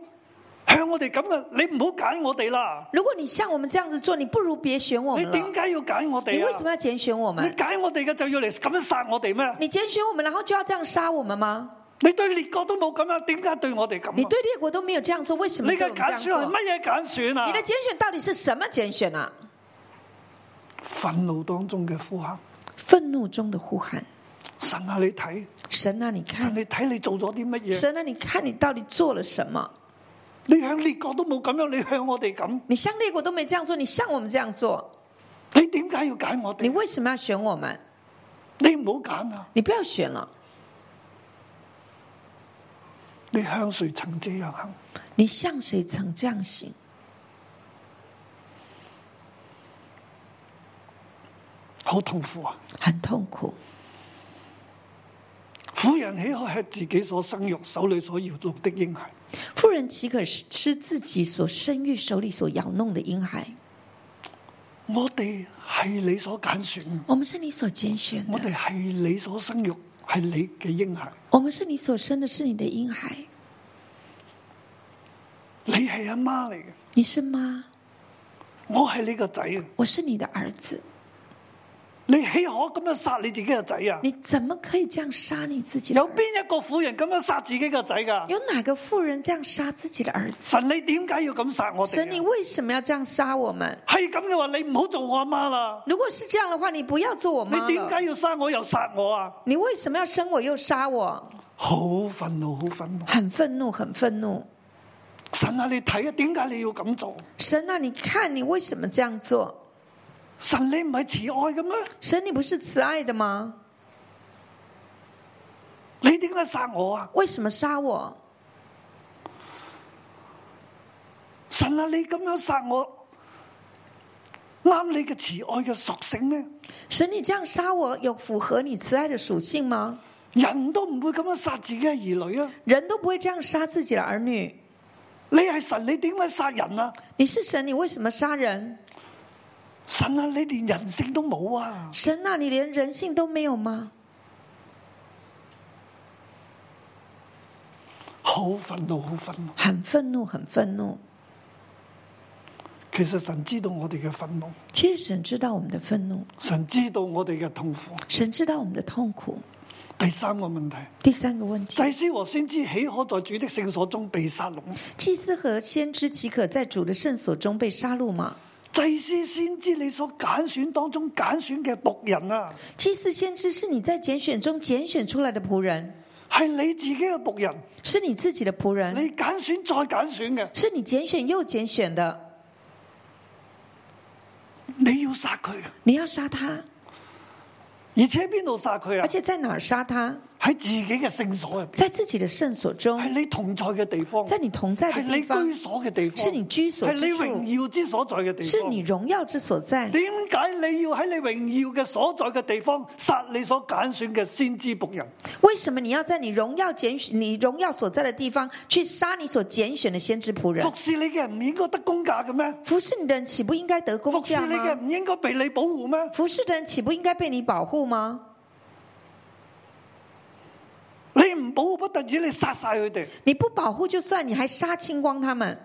向我哋咁嘅，你唔好揀我哋啦。如果你向我們這樣子做，你不如別選我。你點解要揀我哋？你為什麼要揀選我們？你揀我哋嘅就要嚟咁樣殺我哋咩？你揀選我們，然後就要這樣殺我們嗎？你對列國都冇咁啊，點解對我哋咁？你對列國都沒有這樣做，為什麼我你嘅揀選乜嘢揀選啊？你的揀選到底是什麼揀選啊？憤怒當中嘅呼喊，憤怒中嘅呼喊。神啊，你睇，神啊，你睇，神啊，你睇，你做咗啲乜嘢？神啊，你看，你到底做了什麼？你向列國都冇咁樣，你向我哋咁？你向列國都沒這樣做，你向我們這樣做？你點解要揀我哋？你為什麼要選我們？你唔好揀啊！你不要選啦！你向誰曾這樣行？你向誰曾這樣行？好痛苦啊！很痛苦。婦人豈可吃自己所生育手裏所搖弄的嬰孩？婦人豈可吃自己所生育手裏所搖弄的嬰孩？我哋係你所揀選，我們是你所揀選的。我哋係你所生育，係你嘅嬰孩。我們是你所生的，是你的嬰孩。你係阿媽嚟嘅，你是媽，我係你個仔，我是你的兒子。你豈可咁樣殺你自己個仔啊？你怎麼可以這樣殺你自己？有邊一個婦人咁樣殺自己個仔噶？有哪個婦人這樣殺自己的兒子、啊的兒子啊？神，你點解要咁殺我哋？神，你為什麼要這樣殺我們、啊？係咁嘅話，你唔好做我媽啦。如果是這樣嘅話，你不要做我媽。你點解要生我又殺我啊？你為什麼要生我又殺我、啊？好憤怒，好憤怒，很憤怒，很憤怒，怒。神啊，你睇下，點解你要咁做？神啊，你看你為什麼這樣做？神，你唔係慈愛嘅咩？神，你不是慈愛嘅嗎？你點解殺我啊？為什麼殺我？神啊，你咁樣殺我，啱你嘅慈愛嘅屬性咩？神，你這樣殺我，有符合你慈愛嘅屬性嗎？人都唔會咁樣殺自己嘅兒女啊！人都唔會這樣殺自己嘅兒女。你係神，你點解殺人啊？你是神，你為什麼殺人？神啊，你連人性都冇啊！神啊，你連人性都沒有嗎？好憤怒，好憤怒！很憤怒，很憤怒！其實神知道我哋嘅憤怒。其實神知道我們嘅憤怒。神知道我哋嘅痛苦。神知道我哋嘅痛苦。第三個問題。第三個問題。祭司和先知豈可在主的聖所中被殺戮？祭司和先知豈可在主的聖所中被殺戮嗎？祭司先知，你所揀選當中揀選嘅僕人啊！祭司先知是你在揀選中揀選出來的僕人，係你自己嘅僕人，是你自己的僕人。你揀選再揀選嘅，是你揀選又揀選的。你要殺佢，啊，你要殺他，而且邊度殺佢啊？而且在哪殺他啊？喺自己嘅聖所入面，在自己的聖所中，係你同在嘅地方。在你同在嘅地方，係你居所嘅地方，是你居所的，係你，你榮耀之所在嘅地方，是你榮耀之所在。點解你要喺你榮耀嘅所在嘅地方殺你所揀選嘅先知僕人？為什麼你要在你榮耀揀選、你榮耀所在嘅地方去殺你所揀選的先知僕人？服侍你嘅人唔應該得公價嘅咩？服侍你嘅人豈不應該得公？服侍你嘅人唔應該被你保護咩？服侍你嘅人豈不應該被你保護嗎？你唔保護，不得止你殺晒佢哋。你不保護就算，你還殺清光他們。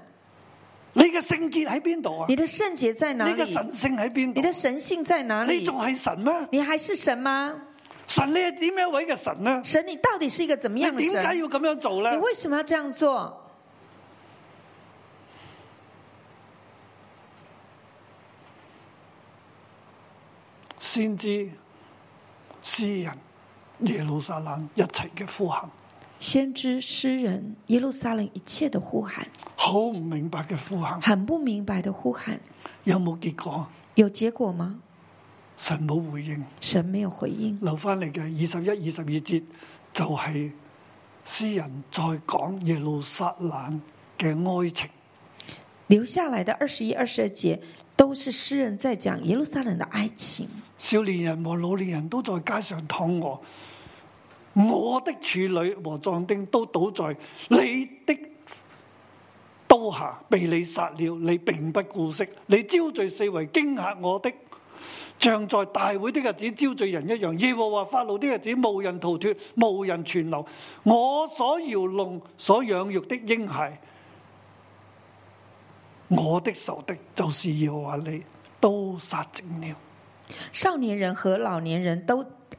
你嘅聖潔喺邊度啊？你的聖潔在哪？你的神聖喺邊？你的神性在哪裏？你仲係神嗎？你還是神嗎？神你係點樣位嘅神呢、啊？神你到底是一個怎麼樣？你點解要咁樣做呢？你為什麼要這樣做？先知詩人。耶路撒冷一切嘅呼喊，先知詩人，耶路撒冷一切嘅呼喊，好唔明白嘅呼喊，很不明白嘅呼喊，有冇結果？有結果嗎？神冇回應，神沒有回應。留翻嚟嘅「二十一、二十二節就係詩人在講耶路撒冷嘅愛情。留下來嘅二十一、二十二節都是詩人在講耶路撒冷嘅愛情。少年人和老年人都在街上躺臥。我的處女和壯丁都倒在你的刀下，被你殺了。你並不顧惜，你招聚四圍驚嚇我的，像在大會的日子招聚人一樣。耶和華發怒的日子無，無人逃脱，無人存留。我所搖弄、所養育的嬰孩，我的仇敵，就是要話你都殺淨了。少年人和老年人都。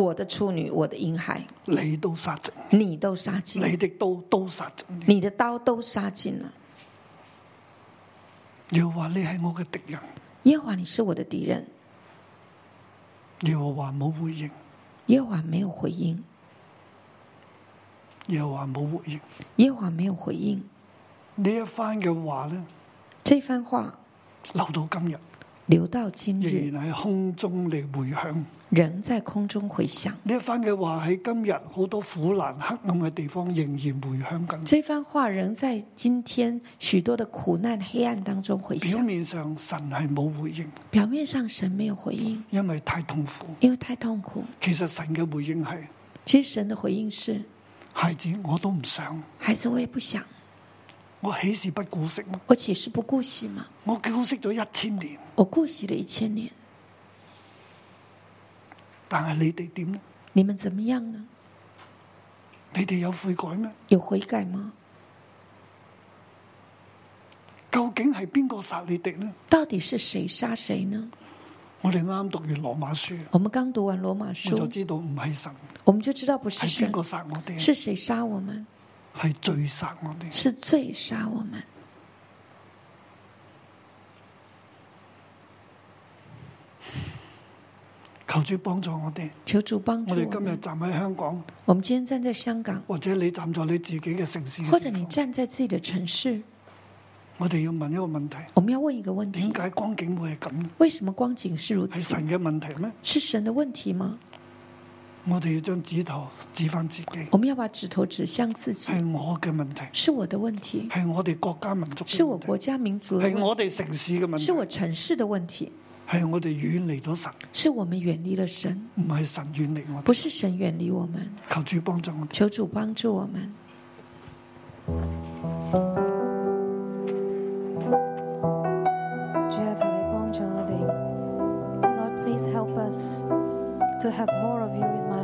我的處女，我的嬰孩，你都殺盡，你都殺盡，你的刀都殺盡，你的刀都殺盡了。又話你係我嘅敵人，又話你是我的敵人。又話冇回應，又話冇回應，又話冇回應，又話冇回應。呢一翻嘅話呢？呢番話留到今日。留到今日，仍然喺空中嚟回響，仍在空中回響。呢一番嘅話，喺今日好多苦難黑暗嘅地方仍然回響緊。這番話仍在今天許多的苦難黑暗當中回響。表面上神係冇回應，表面上神沒有回應，因為太痛苦，因為太痛苦。其實神嘅回應係，其實神的回應是，孩子我都唔想，孩子我也不想。我豈是不顧惜嗎？我豈是不顧惜嗎？我顧惜咗一千年。我顧惜咗一千年。但係你哋點呢？你們怎麼樣呢？你哋有悔改嗎？有悔改嗎？究竟係邊個殺你哋呢？到底是誰殺誰呢？我哋啱啱讀完羅馬書，我哋剛讀完羅馬書，我就知道唔係神，我們就知道不是神。係邊個殺我哋？是誰殺我們？係最殺我哋，是最殺我們。求主幫助我哋，求主幫助我哋。今日站喺香港，我哋今天站在香港，或者你站在你自己嘅城市，或者你站在自己的城市。我哋要問一個問題，我們要問一個問題：點解光景會係咁？為什麼光景是如此？係神嘅問題咩？是神的問題嗎？我哋要將指頭指返自己。我們要把指頭指向自己。係我嘅問題。是我的問題。係 我哋國家民族問題。 是我國家民族。係我哋城市嘅問題。是我城市嘅問題。係我哋遠離咗神。是我哋遠離咗神。唔係神遠離我。不是神遠離我， 我們。求主幫助我。求主幫助我們。 我們 Lord, please help us to have more of you.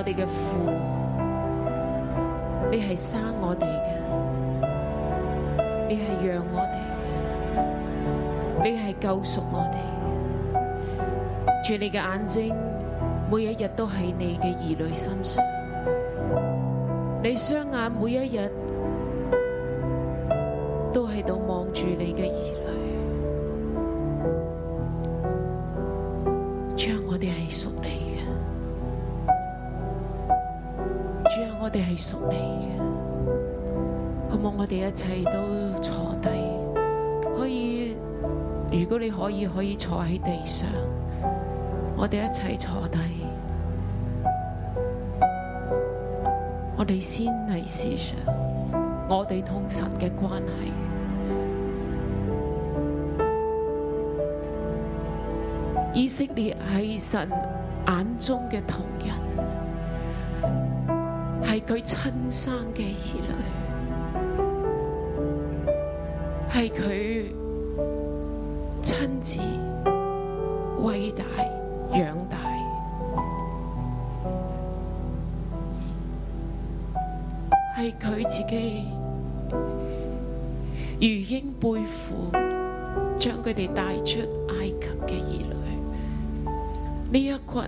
我哋嘅父，你係生我哋嘅，你係養我哋嘅，你係救贖我哋嘅。全你嘅眼睛，每一日都喺你嘅兒女身上，你雙眼每一日。一切都坐低，可以，如果你可以可以坐喺地上，我哋一齊坐低，我哋先嚟思想，我哋同神嘅關係，以色列係神眼中嘅同人，係佢親生嘅血係佢親自餵大養大，係佢自己如鷹背負，將佢哋帶出埃及嘅兒女，呢一群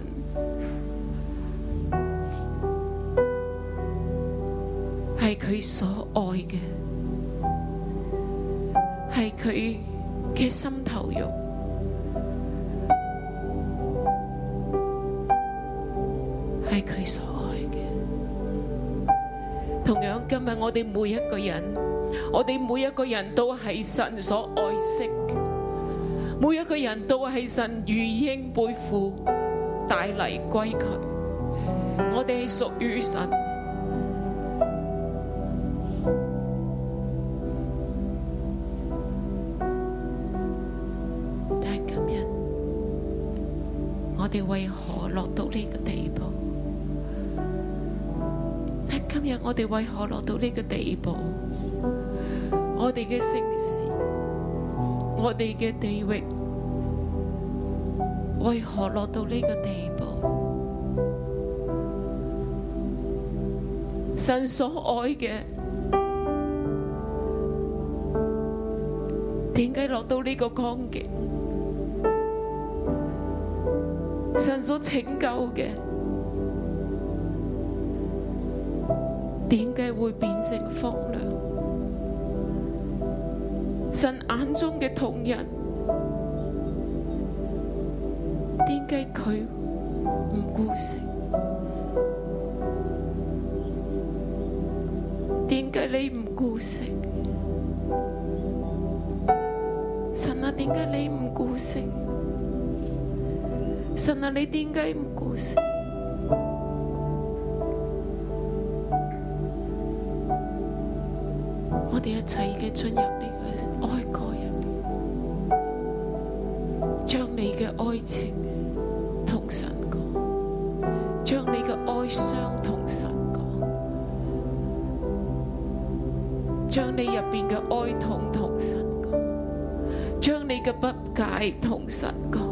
係佢所愛嘅，係佢嘅心頭肉，係佢所愛嘅。同樣，今日我哋每一個人，我哋每一個人都係神所愛惜嘅，每一個人都係神如鷹背負帶嚟歸佢。我哋屬於神。我哋為何落到呢個地步？我哋嘅城市，我哋嘅地域，為何落到呢個地步？神所愛嘅，點解落到呢個光景？神所拯救嘅。會變成荒涼。神眼中嘅痛人，點解佢唔顧惜？點解你唔顧惜？神啊，點解你唔顧惜？神啊，你點解唔顧惜？一切嘅進入呢個哀歌入面，將你嘅愛情同神講，將你嘅哀傷同神講，將你入邊嘅哀痛同神講，將你嘅不解同神講。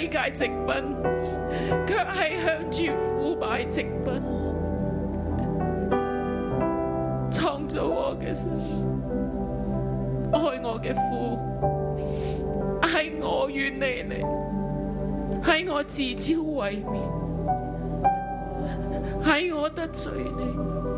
世界直奔，卻係向住腐敗直奔。創造我嘅神，愛我嘅父，喺我遠離你，喺我自招毀滅，喺我得罪你。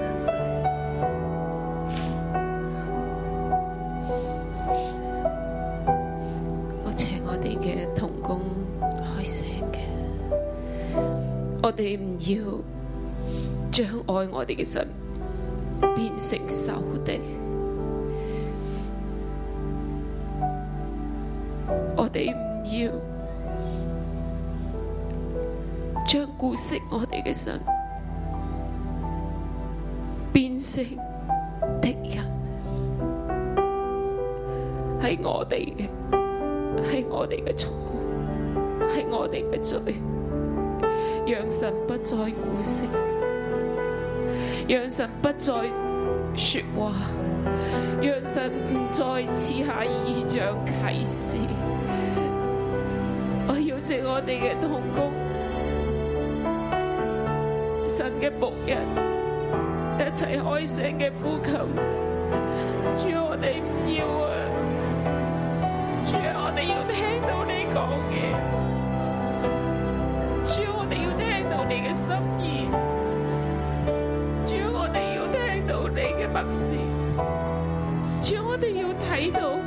我哋唔要將愛我哋嘅神變成仇敵，我哋唔要將顧惜我哋嘅神變成敵人，係我哋嘅，係我哋嘅錯，係我哋嘅罪。讓神不再顧視，讓神不再說話，讓神唔再賜下異象啟示。我邀請我哋嘅同工、神嘅僕人，一齊開聲嘅呼求，主，我哋唔要啊。不是，只要我哋要睇到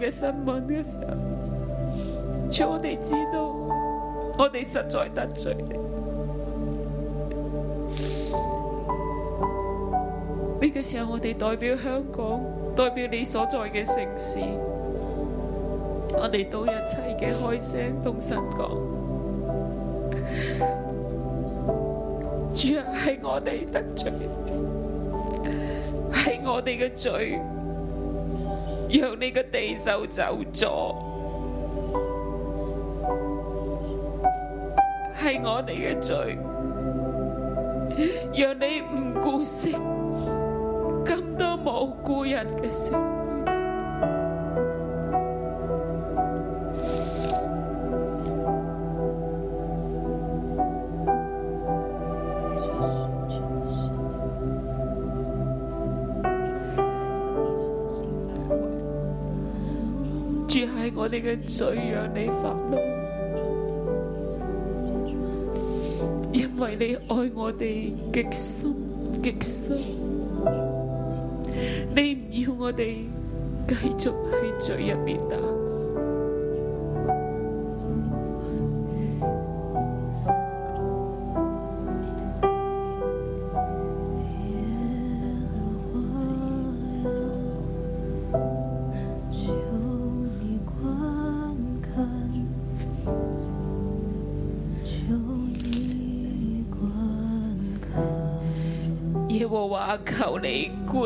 嘅新聞嘅時候，我哋知道，我哋實在得罪你。呢個時候，我哋代表香港，代表你所在嘅城市，我哋都一切嘅開聲，同神講，主人，係我哋得罪，係我哋嘅罪。讓你個地獸走咗，係我哋嘅罪，讓你唔顧惜咁多無故人嘅罪讓你發怒，因為你愛我哋極深極深，你唔要我哋繼續喺罪入面打。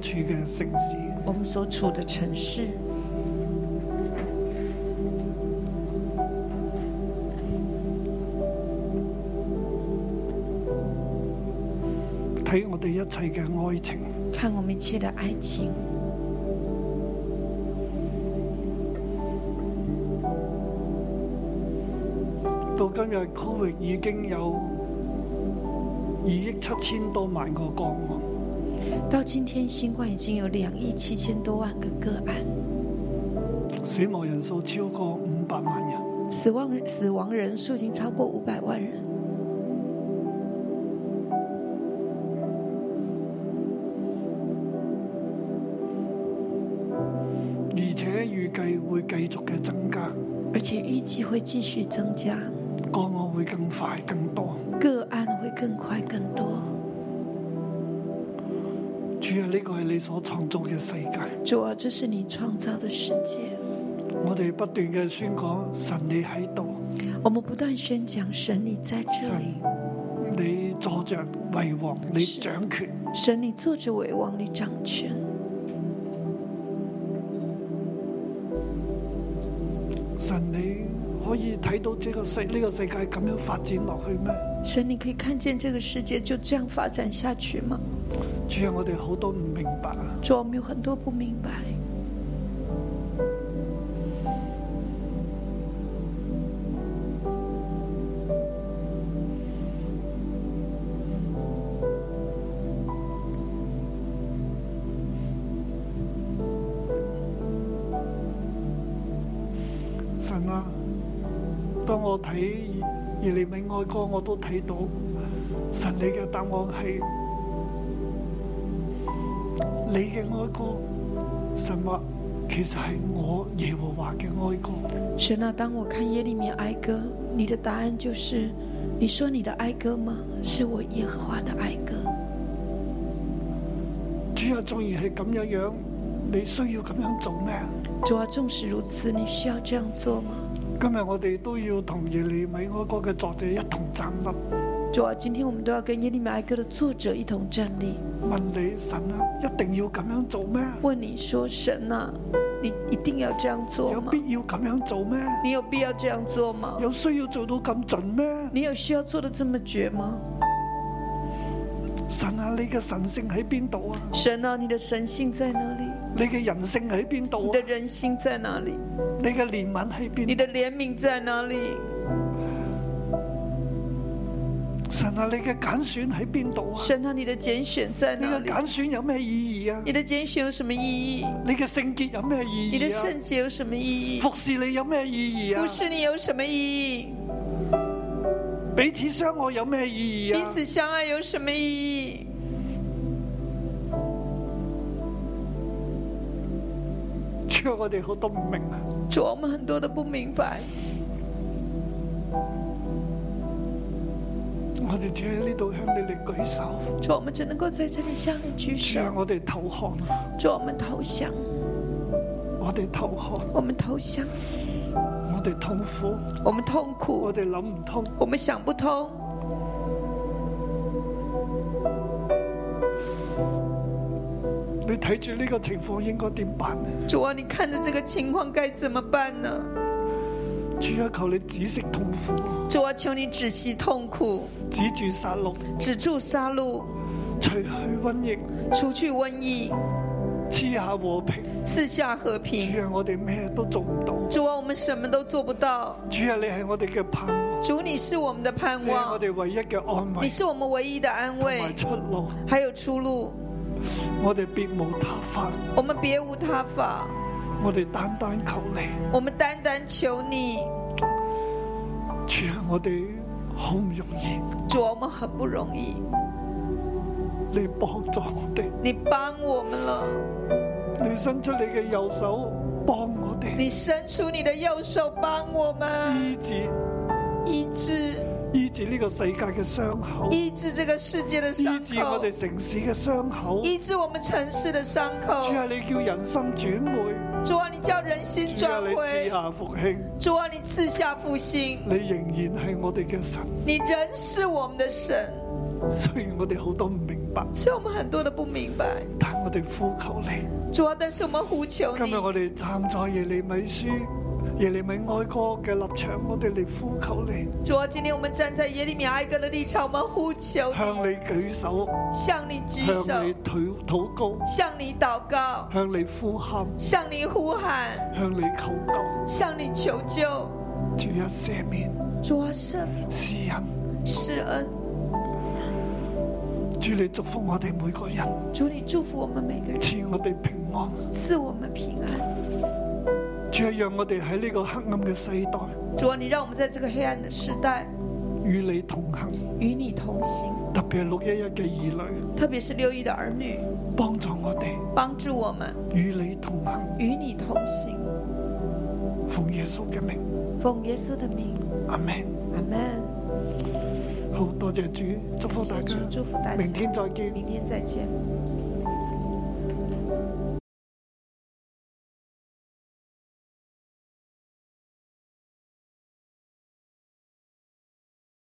處嘅城市，我們所處的城市，睇我哋一切嘅愛情，看我們一切的愛情，到今日，COVID 已經有二億七千多萬個個案。到今天，新冠已經有兩億七千多萬個個案，死亡人數超過五百萬人。死亡死亡人數已經超過五百萬人，而且預計會繼續嘅增加，而且預計會繼續增加，個案會更快更多，個案會更快更多。呢、這個係你所創造嘅世界。主啊，這是你創造嘅世界。我哋不斷嘅宣講神你喺度。我們不斷宣講神你在這裏。神你，你，神你坐着為王，你掌權。神你坐着為王，你掌權。神你可以睇到這個世呢個世界咁樣發展落去咩？神你可以看見這個世界就這樣發展下去嗎？主要我哋好多唔明白啊！主，仲有很多不明白。神啊，當我睇《耶利米哀歌》，我都睇到神，你嘅答案係。你嘅哀歌神話，其實係我耶和華嘅哀歌。神啊，當我看耶利米哀歌，你的答案就是，你說你的哀歌嗎？是我耶和華嘅哀歌。主要縱然係咁樣樣，你需要咁樣做咩？主啊，正是如此，你需要這樣做嗎？今日我哋都要同耶利米哀歌嘅作者一同讚美。主啊，今天我們都要跟耶利米哀歌的作者一同站立。問你神啊，一定要咁樣做咩？問你說神啊，你一定要這樣做嗎？有必要咁樣做咩？你有必要這樣做嗎？有需要做到咁盡咩？你有需要做的這麼絕嗎？神啊，你嘅神性喺邊度啊？神啊，你的神性在哪裏？你嘅人性喺邊度？你的人性在哪裏？你嘅憐憫喺邊？你的憐憫在哪裏？神啊，你嘅揀選喺邊度啊？神啊，你的揀選在哪？你嘅揀選有咩意義啊？你的揀選有什麼意義？你嘅聖潔有咩意義？你的聖潔有什麼意義啊？服侍你有咩意義啊？服侍你有什麼意義？彼此相愛有咩意義啊？彼此相愛有什麼意義？只我哋好多唔明啊！只我們很多都不明白。我哋只喺呢度向你哋舉手，主，我們只能夠在這裏向你舉手。主，我哋投降，主，我們投降，我哋投降，我們投降，我哋痛苦，我們痛苦，我哋諗唔通，我們想不通。你睇住呢個情況，應該點辦呢？主啊，你看着這個情況，該怎麼辦呢？主啊，求你止息痛苦。主啊，求你止息痛苦。止住殺戮。止住殺戮。除去瘟疫。除去瘟疫。賜下和平。賜下和平。主啊，我哋咩都做唔到。主啊，我們什麼都做不到。主啊，主啊，你係我哋嘅盼望。主，你是我們的盼望。你係我哋唯一嘅安慰。你是我們唯一嘅安慰。同埋出路。還有出路。我哋別無他法。我們別無他法。我哋單單求你，我們單單求你，主啊，我哋好唔容易，主，我們很不容易，你幫助我哋，你幫我們啦，你伸出你嘅右手幫我哋，你伸出你的右手幫我們，醫治，醫治，醫治呢個世界嘅傷口，醫治這個世界嘅傷口，醫治我哋城市嘅傷口，醫治我們城市的傷口，主啊，你叫人心轉回。主啊，你叫人心轉回。主啊，你賜下復興。主啊，你賜下復興。你仍然係我哋嘅神。你仍是我們嘅神。雖然我哋好多唔明白。雖然我們很多都不明白，但我哋呼求你。主啊，但是我們呼求你。今日我哋站在《耶利米書》。耶利米哀歌嘅立場，我哋嚟呼求你。主啊，今天我們站在耶利米哀歌的立場，我們呼求你。向你舉手，向你舉手。向你禱告，向你禱告。向你呼喊，向你呼喊。向你求救，向你求救。主啊，赦免，主啊，赦免。施恩，施恩。主你祝福我哋每個人，主你祝福我們每個人。賜我哋平安，賜我們平安。就要讓我哋喺呢個黑暗嘅世代，主啊，你讓我們在這個黑暗嘅時代與你，與你同行，與你同行。特別係六一一嘅兒女，特別是六一嘅兒女，幫助我哋，幫助我們，與你同行，與你同行。奉耶穌嘅名，奉耶穌嘅名。阿門，阿門。好多謝主，祝福大家，祝福大家，明天再見，明天再見。